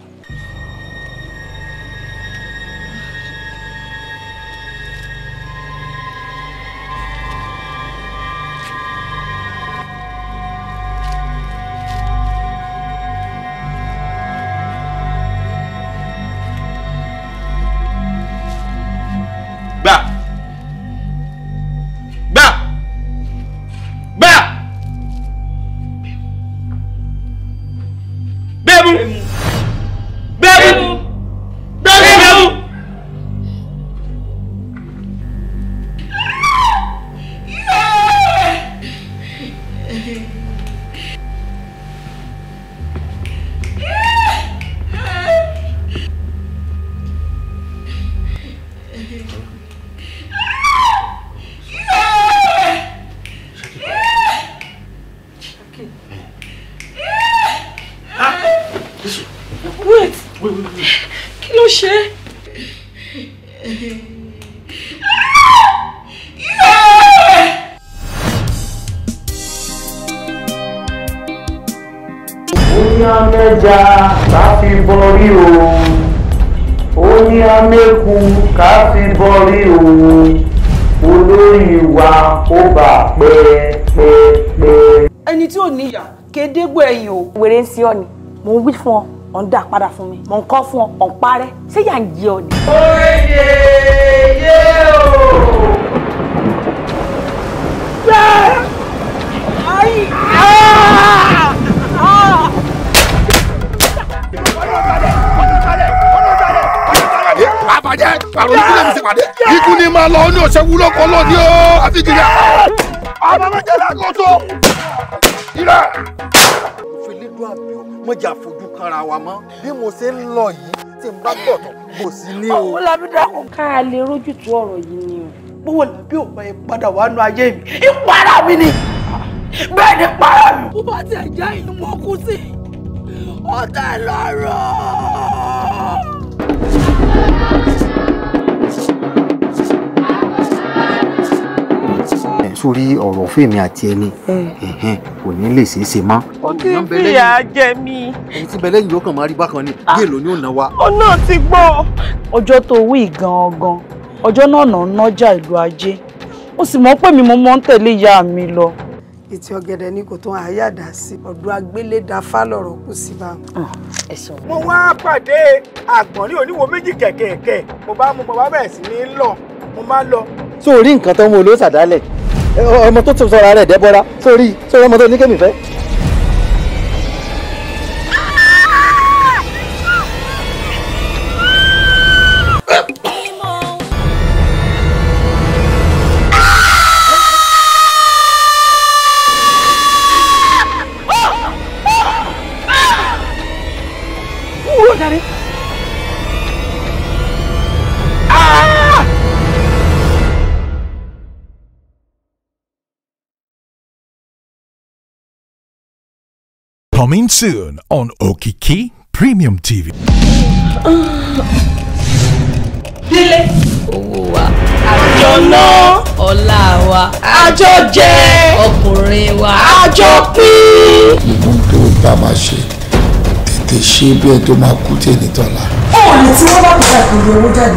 yọ ni mò ń wí fún ọ ọ̀ ń dà padà fún mi mò ń kọ́ fún ọ ọ̀ ń parẹ́ ṣé yà ń jẹ ọ ni. oye yé o. ikú ni máa lọ ní ọ̀sẹ̀ wúlò kan lọ ní àfi jìnnà. àbàmọ̀jẹ̀ làgọ́tọ̀ ìrẹ́ mo jà fojú kanra wa mọ́ bí mo ṣe ń lọ yìí tí n bá gbọ̀tọ̀ kò sí ní o. ọ̀hún làbí dákun ká a lè rójú tu ọ̀rọ̀ yìí ni o. gbówó làbí ò bá yẹn padà wà ayé mi ìpara mi ni bẹ́ẹ̀ ni para mi. bó bá tiẹ̀ já ìlú mọ́kú sí ọ̀tẹ̀ lọ́rọ̀. sórí ọ̀rọ̀ fún èmi àti ẹni kò ní lè ṣeé ṣe mọ́. ó ti fìyà jẹ mí. ẹni tí bẹlẹ́yìn ló kàn máa rí bákan ni bí èlò ni ó ná ó náà ti gbọ́. ọjọ́ tó wí gan-an ọjọ́ náà nà ń nájà ìlú ajé ó sì mọ̀ pé mi mo mọ́ ń tẹ̀lé ìyá mi lọ. ètò ọ̀gẹ̀dẹ̀ ni kò tó àyàdá sí ọ̀dọ̀ agbélédafá lọ̀rọ̀ kù sí bá wọn. Ah, mo wá pàdé àgbọ̀nrín oníwo méjì kẹ̀kẹ̀kẹ̀ mo bá mo bá bẹ̀rẹ̀ sí ní lọ mo máa lọ. tó nǹkan tó ń mú olóṣàdálẹ̀ ọmọ tó ti sọra rẹ̀ dẹ́bọ́ra sórí sórí ọmọ tó ní kémi fẹ́ Coming soon on Okiki Premium TV. Délé. Owó Àjọ ná. Ọlá wa. Àjọ jẹ. Ọkùnrin wa. Àjọ pín. Ìbùn tó bá máa ṣe tètè ṣe bí ẹ tó máa kú tèmi tọ́la. Ó ní tí wọ́n bá kúta ìpínlẹ̀ owó jáde.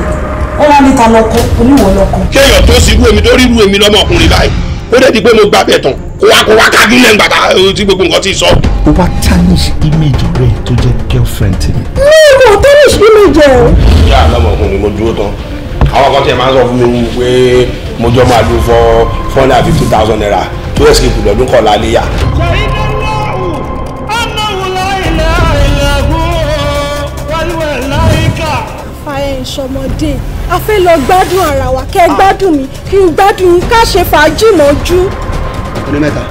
Ó wá níta lọ́kọ́ oníwọ̀ lọ́kọ́. Kéèyàn tó ṣubú èmi tó rí irú èmi lọ́mọkùnrin báyìí ó dẹ̀ di pé mo gbàbẹ̀ tán kó wá kó wá kábí lẹ́nu gbàtà tí gbogbo nǹkan ti sọ. ó wá tarnish image rẹ tó jẹ girlfriend mi. mi kò tarnish image ẹ. ìyá àlámọ̀kùn ni mo dúró tán àwọn kan tẹ máa ń sọ fún mi pé mo jọ máa lu fọ four hundred and fifty thousand naira tó yẹ síkì lọ́dún kọ̀ọ̀lá léyà. fàyẹ̀ ìṣọmọdé a fẹ́ lọ gbádùn ara wa kẹ́ ẹ gbádùn mi kí n gbádùn ká ṣe fàájì mọ́jú. ọdún mẹ́ta.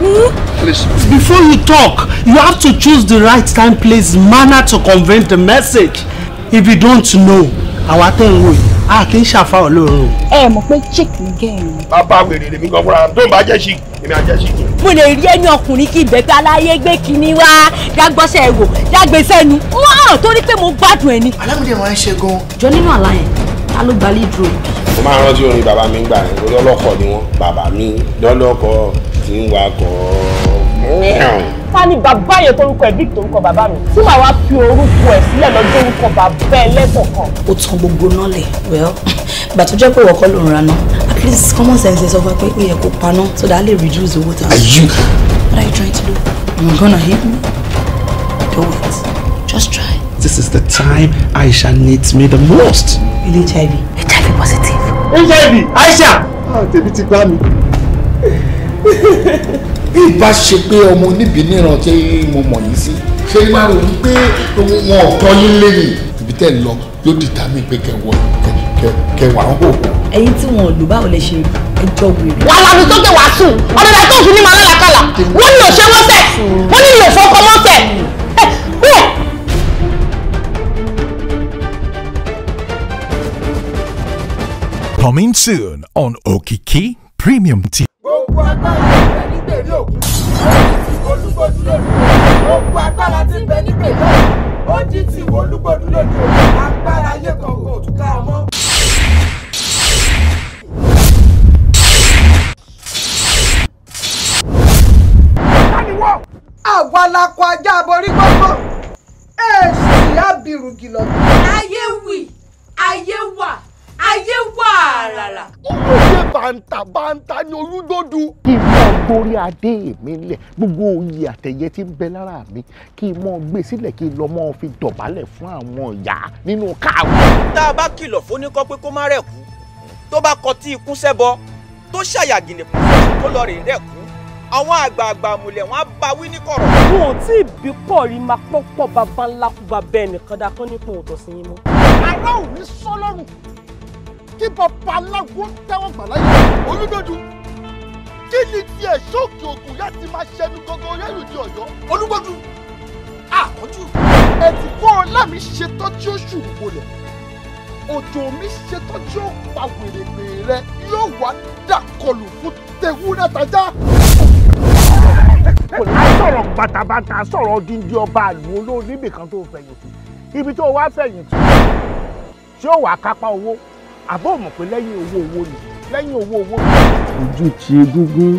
Hmm? Please. Before you talk, you have to choose the right time, place, manner to convey the message. If you don't know, àwa tẹ̀ ń wò yìí a kì í ṣàfà olóorun. ẹ mọ̀ pé chick ní gẹ̀ẹ́rùn. bàbá wèrè lèmi gan fúnra tó ń bá jẹ́ chic èmi àjẹ́ chic. mo lè rí ẹni ọkùnrin kí ìbẹ̀pẹ̀ aláyé gbé kínní wá dágbọ́sẹ̀ wò dágbèsẹ́ nu wọ́n torí pé mo gbádùn ẹ̀ ni. alámìdí wọn ṣe gan. jọ nínú àlá ta ló gba lead role. mo máa rántí orin bàbá mi gbà ní orí ọlọ́kọ̀ ni wọ́n bàbá mi lọ́lọ́kọ̀ tí ń wakọ̀ ta ni bàbá yẹn torúkọ ẹ bíi torúkọ bàbá mi tí màá wá fi orúkọ ẹ sílẹ̀ lọ́jọ́ orúkọ bàbá ẹ lẹ́kọ̀ọ̀kan. ó tan gbogbo náà lẹ̀ well ìgbà tó jẹ́ pé ìwọ kọ́ ló ń ra náà at least common sense sọ fún ẹ pé ó yẹ kó paná so that I lè reduce owó tá a. are you. what are you trying to do? you gonna hit me? do it just try. This is the time Aisha needs me the most. Will HIV? HIV positive. HIV! Aisha! Ah, tèmi ti gbá mi. Bí ìbá ṣe pé ọmọ oníbi níran tí mo mọ̀ yìí sí, ṣé máa rò ó pé wọn ò tọ́ yín lẹ́yìn. Ibi tẹ́ ń lọ yóò dìtà mí pé kẹwọ́ kẹwàá ń hò. Ẹ̀yin tí wọn ò lò báwo lẹ ṣe ẹjọ́ wèrè. Wàhálà mi tó tẹ̀ wá sùn, ọ̀dọ̀dà tó fi ní màá lálàkàlà, wọ́n ní òṣèwọ́sẹ̀, wọ́n ní ìlòfọ́kọ́mọ́sẹ̀. Coming soon on Okiki Premium TV. Gbogbo agbára ti bẹ ní pèlú ó ti olúgbòdú lónìí. Gbogbo agbára ti bẹ ní pèlú ó ti ti olúgbòdú lónìí. Agbára ayé kan kò tún ká Àwa la kọ ajá aborí gbọ́ngbọ́n, èsì abirùn gìlọ̀. Ayé wì, ayé wà ayé wà rárá. ó ṣe bàǹtà bàǹtà ni olúdódú. kí n máa gorí adé mi lẹ̀ gbogbo oyè àtẹ̀yẹ tí ń bẹ lára mi kí n máa gbé sílẹ̀ kí n lọ máa fi dọ̀bálẹ̀ fún àwọn ìyá nínú káàwé. tá a bá kìlọ̀ fóníkọ́ pé kó má rẹ̀ kú tó bá kọtí ikú sẹ́bọ tó ṣàyàgìnì pọ̀ kó lọ rè rẹ̀ àwọn àgbààgbà àmùlẹ̀ wọn á bá wí kọ̀rọ̀. wọn ò tí ì bí pọ̀ rí máa pọ́pọ̀ bàbá ńlá kú bàbá ẹnìkan dákọ́ nípò òtọ̀sí yín mọ́. àárọ̀ òní sọ́lọ́run kí bàbá aláwo tẹ́wọ̀n gbà láyé olúdódú kí ni tiẹ̀ ṣóòkè ògùn láti máa ṣẹnu gangan orílẹ̀ èdè ọ̀yọ́ olúgbọ́dú àkọ́jú. ẹ̀dínkù ọ̀la mi ṣetán tí ó ṣùkò lẹ̀ òjò mi ṣetán tí ó pa wèrègbè rẹ yóò wá dàkọlù fún tewúrẹ́ tajá. kò ní sọ̀rọ̀ bàtàbàtà sọ̀rọ̀ dídí ọba àlù olórí nìkan tó fẹ̀yìntì ibi tó wá fẹ̀yìntì tí ó wà kápá owó àbọ̀ mọ̀ pé lẹ́yìn owó owó ni lẹ́yìn owó owó ni. ojú ti egúngún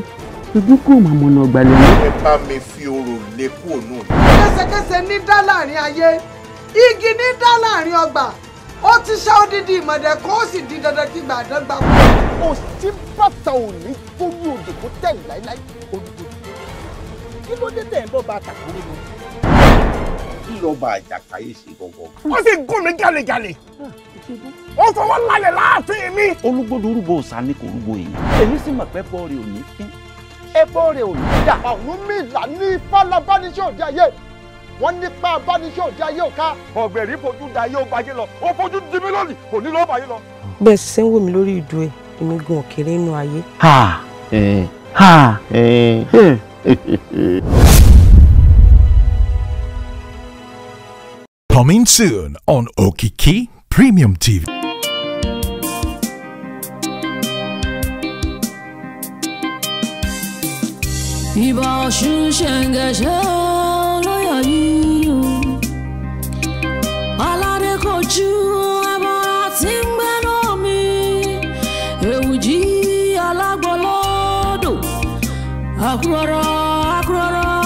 egún kò máa mọ ọ̀nà ọ̀gbà lẹ́nu. ẹ bá mi fi orò lé kúrò náà. kẹsẹkẹsẹ ní dá láàrin ayé igi ní dá láàrin ọgbà ó ti ṣá odidi ìmọ̀dẹ̀ kan ó sì di dandan kí gbàdán gbà kú. kò sí bàtà òní tó ní odò kó tẹ̀ láíláí odò kí ló dé tẹ̀ ń bọ̀ bàtà kúrò lọ. kí lọ́ba àjàkáyé ṣe gbọ̀ngàn. wọ́n sì gún mi jálejàle. Ah, ó fọwọ́ lálẹ́ láàfin mi. olúgbòdo orúbọ òsà ni kò rúgbó yìí èmi sì mọ̀ pé bọ́ọ̀rẹ̀ ò ní fín ẹ bọ́ọ̀rẹ̀ ò ní dà. àwọn mìlá ní fọlá báníṣẹ́ òde ayé wọ́n nípa abániṣẹ́ òde ayé òka ọ̀gbẹ̀rí fojú da ayé ọba yé lọ ó fojú di mí lónìí kò ní lọ́ọ́ bá yé lọ. bẹ́ẹ̀ sì ń wò mí lórí ìdú ẹ̀ èmi gun òkèrè inú ayé. Coming soon on Okiki Premium TV. ìbà ọ̀ṣun ṣẹ̀ǹgẹ̀ṣẹ̀ olóyè yìí o aládé kojú ẹbọ àti gbẹ́nà mi èwùjí alágbọ̀lódò àkúrọ̀rọ̀ àkúrọ̀rọ̀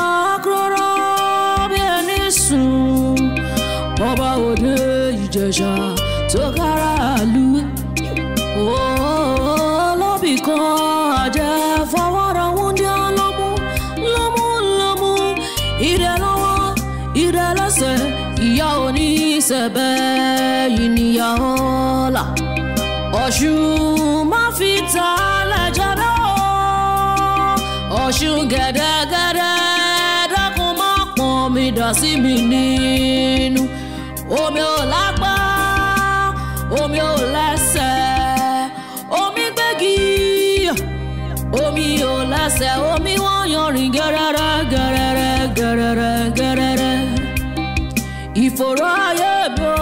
ọ̀ṣun má fi ta lẹ́jọ́ náà ọ̀ṣun gẹ̀dẹ́gẹ̀dẹ́ dákun má pọ̀n mi dà sí mi nínú omi ò lágbá omi ò lẹ́sẹ̀ omi gbégi omi ò lẹ́sẹ̀ omi wọ́n yanrìn gẹ́rẹ́rẹ́ gẹ́rẹ́rẹ́ gẹ́rẹ́rẹ́ gẹ́rẹ́rẹ́ ìfòró ayé mi ò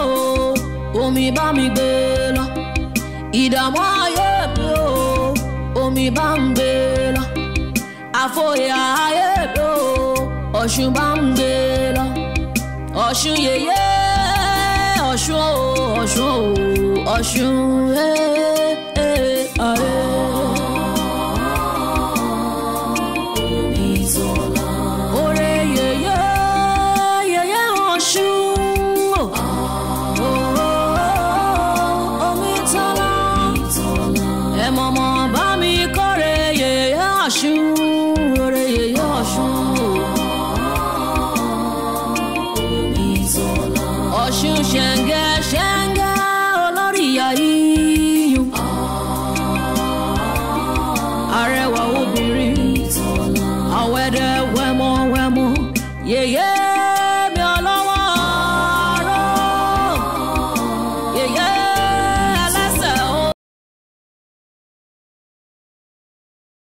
omi bá mi gbé ìdààmú ayé mi o omi bá ń gbé lọ àfòyè ayé mi o ọ̀ṣun bá ń gbé lọ ọ̀ṣun yèyé ọ̀ṣun o ọ̀ṣun o ọ̀ṣun ẹ̀. E.